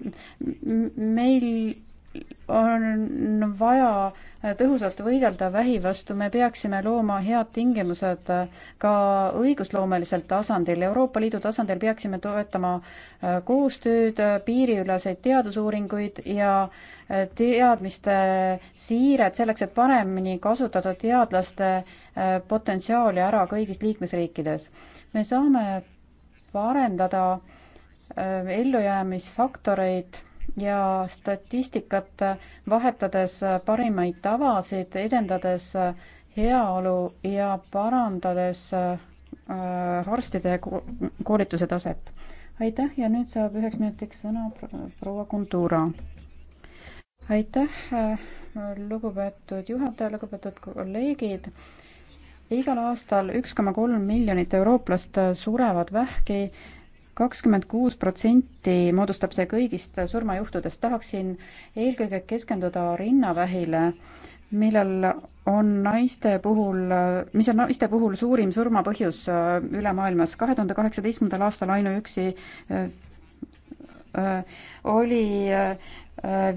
meil on vaja tõhusalt võidelda vähi vastu, me peaksime looma head tingimused ka õigusloomelisel tasandil. Euroopa Liidu tasandil peaksime toetama äh, koostööd, äh, piiriüleseid teadusuuringuid ja äh, teadmiste siiret selleks, et paremini kasutada teadlaste potentsiaali ära kõigis liikmesriikides. me saame parendada ellujäämisfaktoreid ja statistikat vahetades parimaid tavasid, edendades heaolu ja parandades äh, arstide koolituse taset. aitäh ja nüüd saab üheks minutiks sõna proua Kontura. aitäh, äh, lugupeetud juhataja, lugupeetud kolleegid igal aastal üks koma kolm miljonit eurooplast surevad vähki kakskümmend kuus protsenti moodustab see kõigist surmajuhtudest. tahaksin eelkõige keskenduda rinnavähile, millel on naiste puhul, mis on naiste puhul suurim surmapõhjus äh, üle maailmas. kahe tuhande kaheksateistkümnendal aastal ainuüksi äh, äh, oli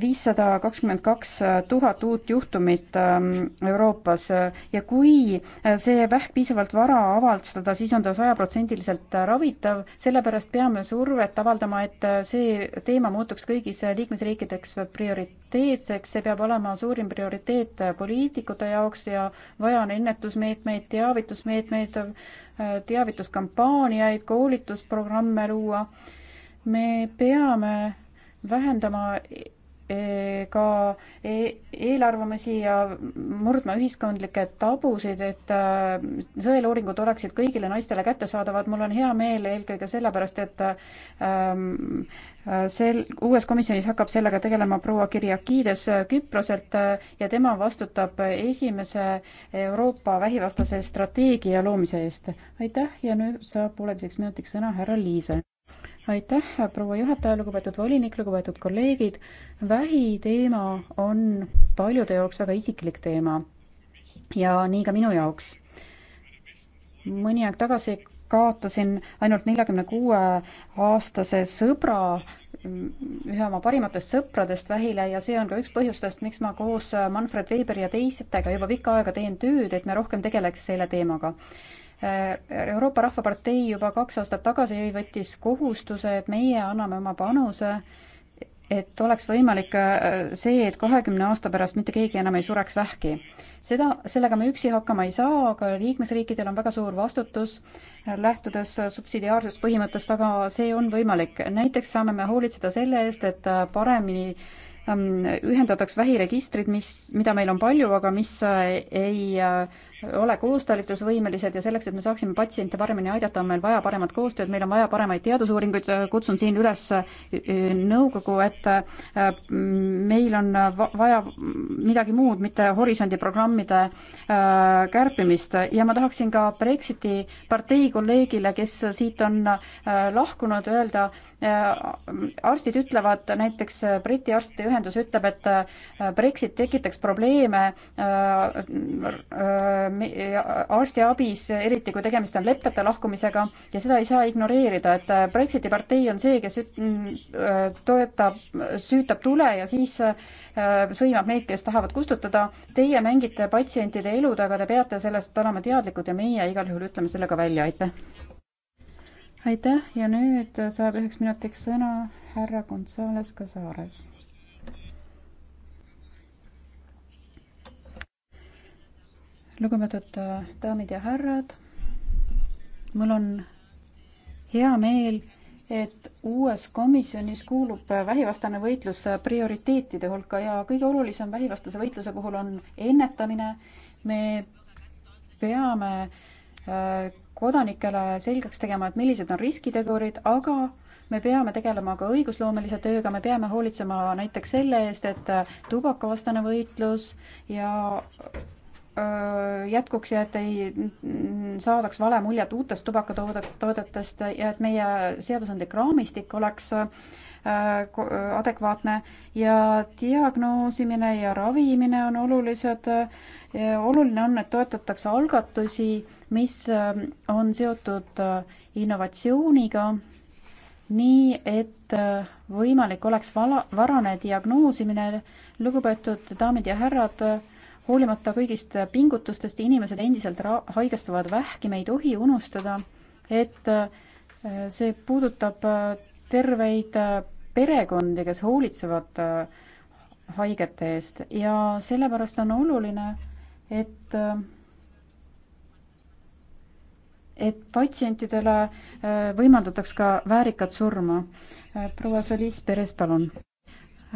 viissada kakskümmend kaks tuhat uut juhtumit ähm, Euroopas ja kui äh, see vähk piisavalt vara avaldada, siis on ta sajaprotsendiliselt ravitav, sellepärast peame survet avaldama, et äh, see teema muutuks kõigis liikmesriikideks prioriteetseks, see peab olema suurim prioriteet poliitikute jaoks ja vaja on ennetusmeetmeid, teavitusmeetmeid, äh, teavituskampaaniaid, koolitusprogramme luua. me peame vähendama e, ka e, eelarvamusi ja murdma ühiskondlikke tabusid, et äh, sõeluuringud oleksid kõigile naistele kättesaadavad. mul on hea meel eelkõige sellepärast, et ähm, sel, uues komisjonis hakkab sellega tegelema proua Kirjakiides Küproselt äh, ja tema vastutab esimese Euroopa vähivastase strateegia loomise eest. aitäh ja nüüd saab pooleteiseks minutiks sõna härra Liise aitäh, proua juhataja, lugupeetud volinik, lugupeetud kolleegid. vähi teema on paljude jaoks väga isiklik teema ja nii ka minu jaoks. mõni aeg tagasi kaotasin ainult neljakümne kuue aastase sõbra, ühe oma parimatest sõpradest vähile ja see on ka üks põhjustest, miks ma koos Manfred Weberi ja teistega juba pikka aega teen tööd, et me rohkem tegeleks selle teemaga. Äh, Euroopa Rahvapartei juba kaks aastat tagasi võttis kohustuse, et meie anname oma panuse, et oleks võimalik äh, see, et kahekümne aasta pärast mitte keegi enam ei sureks vähki. seda, sellega me üksi hakkama ei saa, aga liikmesriikidel on väga suur vastutus, äh, lähtudes subsidiaarsuspõhimõttest, aga see on võimalik. näiteks saame me hoolitseda selle eest, et paremini ähm, ühendataks vähiregistrid, mis, mida meil on palju, aga mis ei ole koostalitusvõimelised ja selleks, et me saaksime patsiente paremini aidata, on meil vaja paremat koostööd, meil on vaja paremaid teadusuuringuid, kutsun siin üles nõukogu, et äh, meil on vaja midagi muud, mitte Horisondi programmide äh, kärpimist ja ma tahaksin ka Brexiti partei kolleegile, kes siit on äh, lahkunud, öelda, arstid ütlevad, näiteks Briti arstide ühendus ütleb, et Brexit tekitaks probleeme arstiabis, eriti kui tegemist on leppeta lahkumisega ja seda ei saa ignoreerida, et äh, Brexiti partei on see, kes mm, äh, toetab, süütab tule ja siis äh, sõimab neid, kes tahavad kustutada. Teie mängite patsientide eludega, te peate sellest olema teadlikud ja meie igal juhul ütleme selle ka välja, aitäh. aitäh ja nüüd saab üheks minutiks sõna härra Gonzales Casares lugupeetud äh, daamid ja härrad, mul on hea meel, et uues komisjonis kuulub äh, vähivastane võitlus äh, prioriteetide hulka ja kõige olulisem vähivastase võitluse puhul on ennetamine. me peame kodanikele selgeks tegema, et millised on riskitegurid, aga me peame tegelema ka õigusloomelise tööga, me peame hoolitsema näiteks selle eest, et tubakavastane võitlus ja Äh, jätkuks ja et ei saadaks vale muljet uutest tubakatoodetest ja et meie seadusandlik raamistik oleks äh, adekvaatne ja diagnoosimine ja ravimine on olulised. oluline on, et toetatakse algatusi, mis äh, on seotud innovatsiooniga, nii et võimalik oleks vala, varane diagnoosimine. lugupeetud daamid ja härrad hoolimata kõigist pingutustest inimesed endiselt haigestuvad vähki, me ei tohi unustada, et äh, see puudutab äh, terveid äh, perekondi, kes hoolitsevad haigete eest ja sellepärast on oluline, et et patsientidele võimaldataks ka väärikat surma. proua Solis Peres, palun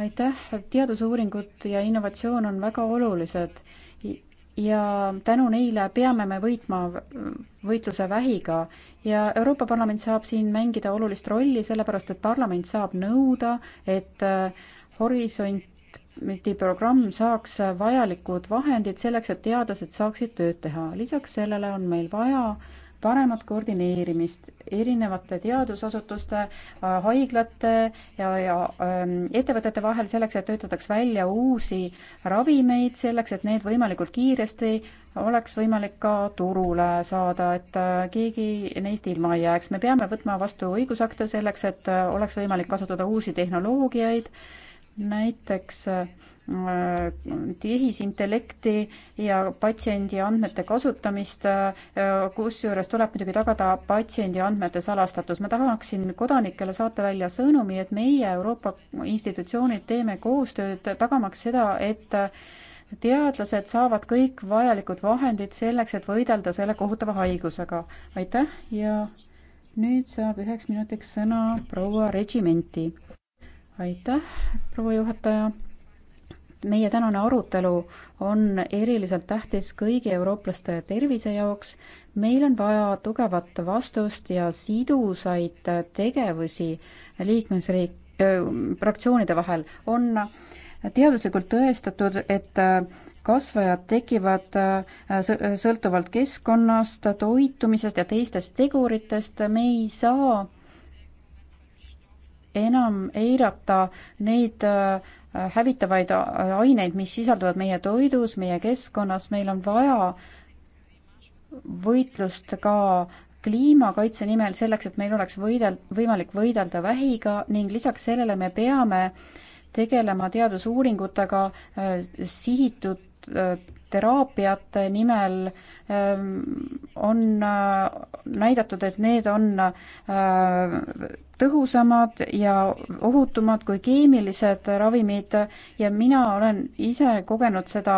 aitäh, teadusuuringud ja innovatsioon on väga olulised ja tänu neile peame me võitma võitluse vähiga ja Euroopa Parlament saab siin mängida olulist rolli, sellepärast et parlament saab nõuda, et äh, Horisonti programm saaks vajalikud vahendid selleks, et teadlased saaksid tööd teha. lisaks sellele on meil vaja äh, paremat koordineerimist erinevate teadusasutuste, äh, haiglate ja, ja ähm, ettevõtete vahel selleks, et töötataks välja uusi ravimeid, selleks et need võimalikult kiiresti oleks võimalik ka turule saada, et äh, keegi neist ilma ei jääks. me peame võtma vastu õigusakte selleks, et äh, oleks võimalik kasutada uusi tehnoloogiaid, näiteks äh, Äh, tehisintellekti ja patsiendi andmete kasutamist, äh, kusjuures tuleb muidugi tagada patsiendi andmete salastatus. ma tahaksin kodanikele saata välja sõnumi, et meie Euroopa institutsioonid teeme koostööd, tagamaks seda, et teadlased saavad kõik vajalikud vahendid selleks, et võidelda selle kohutava haigusega. aitäh ja nüüd saab üheks minutiks sõna proua Regimenti. aitäh, proua juhataja meie tänane arutelu on eriliselt tähtis kõigi eurooplaste tervise jaoks. meil on vaja tugevat vastust ja sidusaid tegevusi liikmesriik äh,, fraktsioonide vahel. on teaduslikult tõestatud, et äh, kasvajad tekivad äh, sõltuvalt keskkonnast, toitumisest ja teistest teguritest, me ei saa enam eirata neid äh, hävitavaid aineid, mis sisalduvad meie toidus, meie keskkonnas, meil on vaja võitlust ka kliimakaitse nimel, selleks et meil oleks võidel-, võimalik võidelda vähiga ning lisaks sellele me peame tegelema teadusuuringutega äh, sihitud Äh, teraapiate nimel ähm, on äh, näidatud, et need on äh, tõhusamad ja ohutumad kui keemilised ravimid ja mina olen ise kogenud seda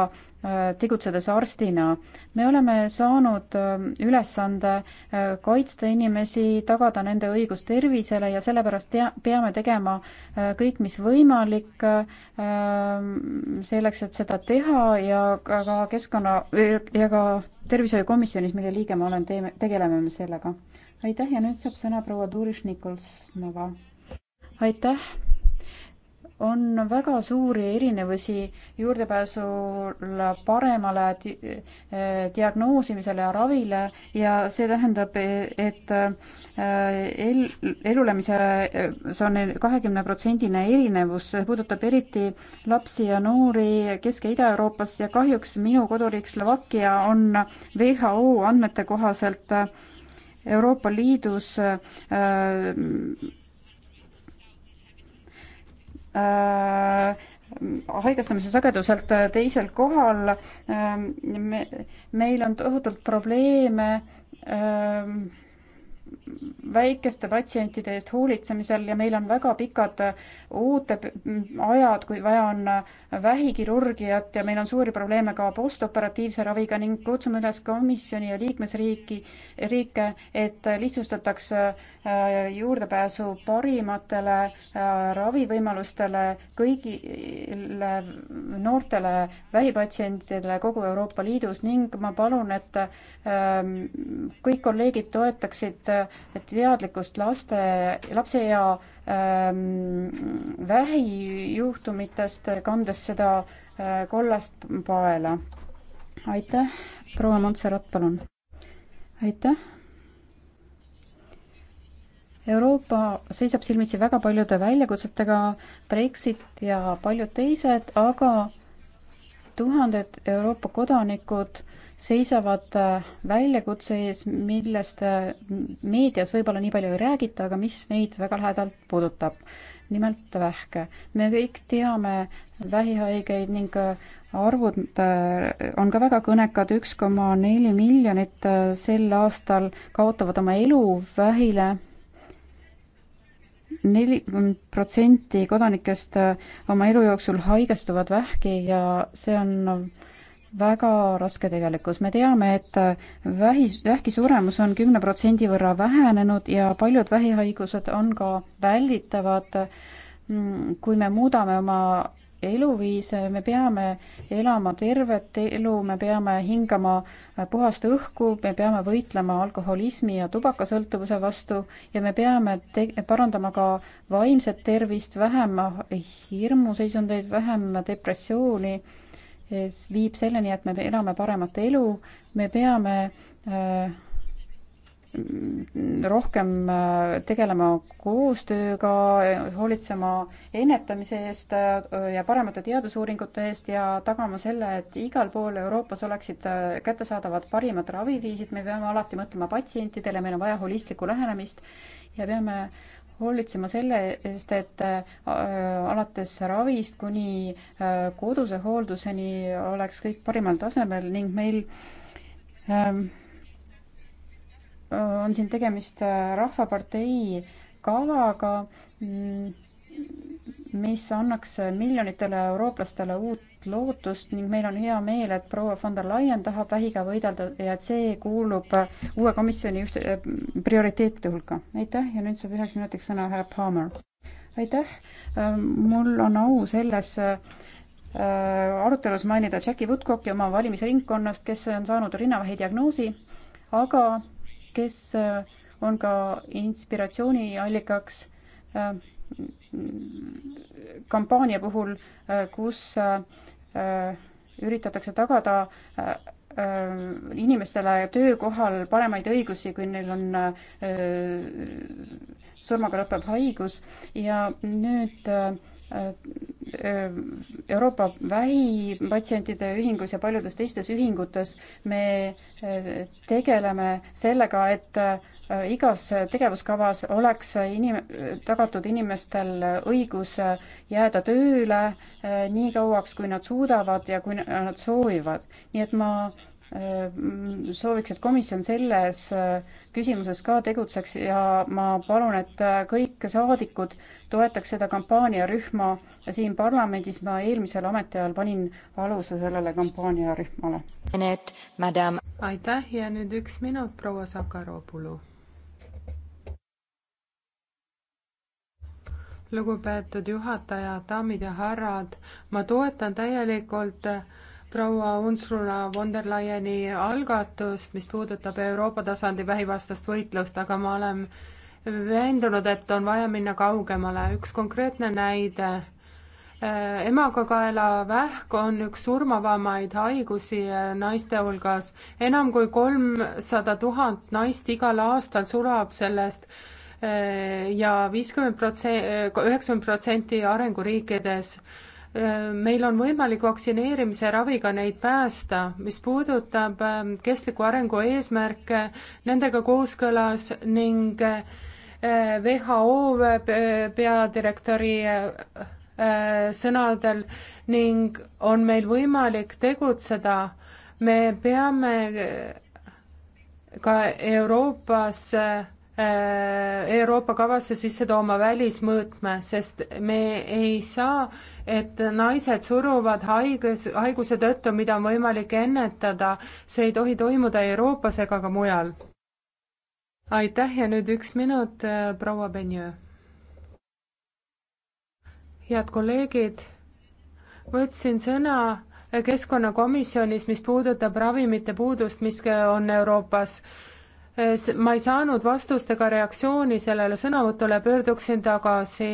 tegutsedes arstina. me oleme saanud äh, ülesande äh, kaitsta inimesi, tagada nende õigus tervisele ja sellepärast tea-, peame tegema äh, kõik, mis võimalik selleks, et seda teha ja ka, ka keskkonna ja ka tervishoiukomisjonis, mille liige ma olen, teeme, tegeleme me sellega. aitäh ja nüüd saab sõna proua Duriš Nikolsnova. aitäh on väga suuri erinevusi juurdepääsul paremale di eh, diagnoosimisele ja ravile ja see tähendab, et eh, el-, elulemises on kahekümneprotsendine erinevus, see puudutab eriti lapsi ja noori Kesk- ja Ida-Euroopas ja kahjuks minu koduriik Slovakkia on WHO andmete kohaselt Euroopa Liidus äh, Äh, haigestumise sageduselt äh, teisel kohal. Äh, me, meil on tohutult probleeme väikeste patsientide eest hoolitsemisel ja meil on väga pikad ooteajad, kui vaja on vähikirurgiat ja meil on suuri probleeme ka postoperatiivse raviga ning kutsume üles komisjoni ja liikmesriiki, riike, et lihtsustataks äh, juurdepääsu parimatele äh, ravivõimalustele kõigile noortele vähipatsientidele kogu Euroopa Liidus ning ma palun, et ähm, kõik kolleegid toetaksid äh, teadlikkust laste, lapseea ähm, vähijuhtumitest, kandes kuidas seda äh, kollast paela. aitäh, proua Montserrat, palun. aitäh. Euroopa seisab silmitsi väga paljude väljakutsetega, Brexit ja paljud teised, aga tuhanded Euroopa kodanikud seisavad äh, väljakutse ees, millest äh, meedias võib-olla nii palju ei räägita, aga mis neid väga lähedalt puudutab nimelt vähk. me kõik teame vähihaigeid ning arvud äh, on ka väga kõnekad, üks koma neli miljonit äh, sel aastal kaotavad oma elu vähile. neli mm, protsenti kodanikest äh, oma elu jooksul haigestuvad vähki ja see on väga raske tegelikkus, me teame, et vähi, vähkisuremus on kümne protsendi võrra vähenenud ja paljud vähihaigused on ka välditavad. Mm, kui me muudame oma eluviise, me peame elama tervet elu, me peame hingama puhast õhku, me peame võitlema alkoholismi ja tubakasõltuvuse vastu ja me peame te-, parandama ka vaimset tervist, vähem hirmuseisundeid, vähem depressiooni viib selleni, et me elame paremat elu, me peame äh, rohkem äh, tegelema koostööga, hoolitsema ennetamise eest äh, ja paremate teadusuuringute eest ja tagama selle, et igal pool Euroopas oleksid kättesaadavad parimad raviviisid, me peame alati mõtlema patsientidele, meil on vaja holistlikku lähenemist ja peame hoolitsema selle eest, et äh, alates ravist kuni äh, koduse hoolduseni oleks kõik parimal tasemel ning meil ähm, on siin tegemist äh, Rahvapartei kavaga, mm, mis annaks miljonitele eurooplastele uut suurt lootust ning meil on hea meel, et proua von der Leyen tahab vähiga võidelda ja et see kuulub uue komisjoni üht- äh,, prioriteetide hulka. aitäh ja nüüd saab üheks minutiks sõna härra Palmer. aitäh, äh, mul on au selles äh, arutelus mainida Jackie Woodcocki oma valimisringkonnast, kes on saanud rinnavähi diagnoosi, aga kes äh, on ka inspiratsiooniallikaks kampaania puhul, kus Äh, üritatakse tagada äh, äh, inimestele töökohal paremaid õigusi, kui neil on surmaga lõppev haigus ja nüüd äh, Euroopa Vähipatsientide Ühingus ja paljudes teistes ühingutes me e, tegeleme sellega, et e, igas tegevuskavas oleks inim-, tagatud inimestel õigus jääda tööle e, nii kauaks, kui nad suudavad ja kui nad soovivad. nii et ma Äh, sooviks, et komisjon selles äh, küsimuses ka tegutseks ja ma palun, et äh, kõik saadikud toetaks seda kampaaniarühma siin parlamendis, ma eelmisel ametiajal panin aluse sellele kampaaniarühmale. aitäh ja nüüd üks minut, proua Sakaropulu. lugupeetud juhataja, daamid ja härrad, ma toetan täielikult äh, proua Ursula von der Leyeni algatust, mis puudutab Euroopa tasandi vähivastast võitlust, aga ma olen veendunud, et on vaja minna kaugemale. üks konkreetne näide. Äh, emakakaelavähk on üks surmavamaid haigusi äh, naiste hulgas. enam kui kolmsada tuhat naist igal aastal sureb sellest äh, ja viiskümmend protsenti, üheksakümmend protsenti arenguriikides meil on võimalik vaktsineerimise raviga neid päästa, mis puudutab ähm, kestliku arengu eesmärke, nendega kooskõlas ning äh, WHO peadirektori äh, sõnadel ning on meil võimalik tegutseda. me peame äh, ka Euroopas Äh, Euroopa kavasse sisse tooma välismõõtme, sest me ei saa, et naised suruvad haiges, haiguse tõttu, mida on võimalik ennetada, see ei tohi toimuda Euroopas ega ka mujal. aitäh ja nüüd üks minut, äh, proua Benjõ. head kolleegid, võtsin sõna keskkonnakomisjonis, mis puudutab ravimite puudust, mis on Euroopas Äh, ma ei saanud vastust ega reaktsiooni sellele sõnavõtule, pöörduksin tagasi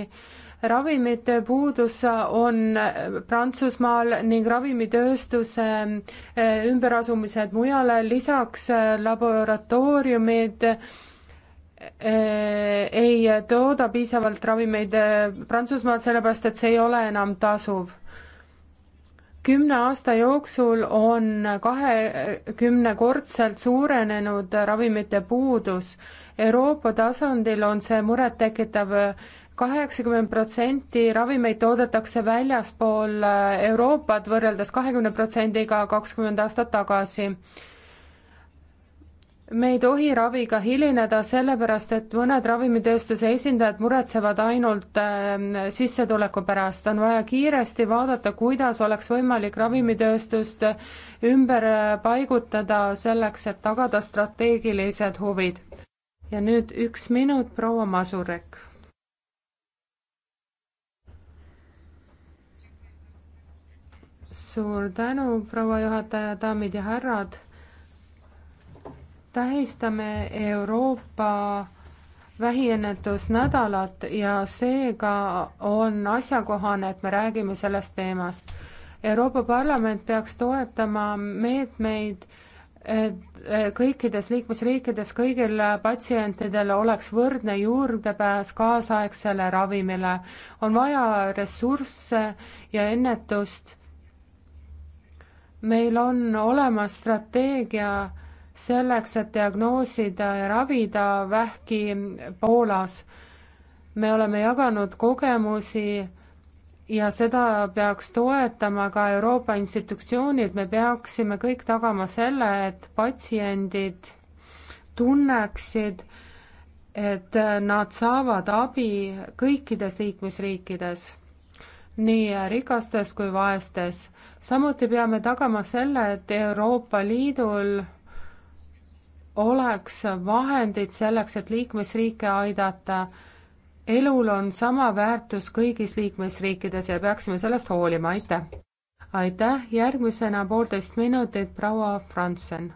ravimite puudus on äh, Prantsusmaal ning ravimitööstuse äh, ümberasumised mujale, lisaks laboratooriumid ei tooda piisavalt ravimeid Prantsusmaal, sellepärast et see ei ole enam tasuv kümne aasta jooksul on kahekümnekordselt suurenenud ravimite puudus. Euroopa tasandil on see murettekitav kaheksakümmend protsenti ravimeid toodetakse väljaspool Euroopat võrreldes kahekümne protsendiga kakskümmend aastat tagasi me ei tohi raviga hilineda, sellepärast et mõned ravimitööstuse esindajad muretsevad ainult äh, sissetuleku pärast. on vaja kiiresti vaadata, kuidas oleks võimalik ravimitööstust äh, ümber äh, paigutada selleks, et tagada strateegilised huvid. ja nüüd üks minut, proua Masurek. suur tänu, proua juhataja, daamid ja härrad tähistame Euroopa vähiennetusnädalat ja seega on asjakohane, et me räägime sellest teemast. Euroopa Parlament peaks toetama meetmeid, et eh, kõikides liikmesriikides kõigil patsientidel oleks võrdne juurdepääs kaasaegsele ravimile. on vaja ressursse ja ennetust. meil on olemas strateegia selleks, et diagnoosida ja ravida vähki Poolas. me oleme jaganud kogemusi ja seda peaks toetama ka Euroopa institutsioonid, me peaksime kõik tagama selle, et patsiendid tunneksid, et nad saavad abi kõikides liikmesriikides, nii rikastes kui vaestes. samuti peame tagama selle, et Euroopa Liidul oleks vahendid selleks, et liikmesriike aidata. elul on sama väärtus kõigis liikmesriikides ja peaksime sellest hoolima, aitäh! aitäh, järgmisena poolteist minutit proua Franzen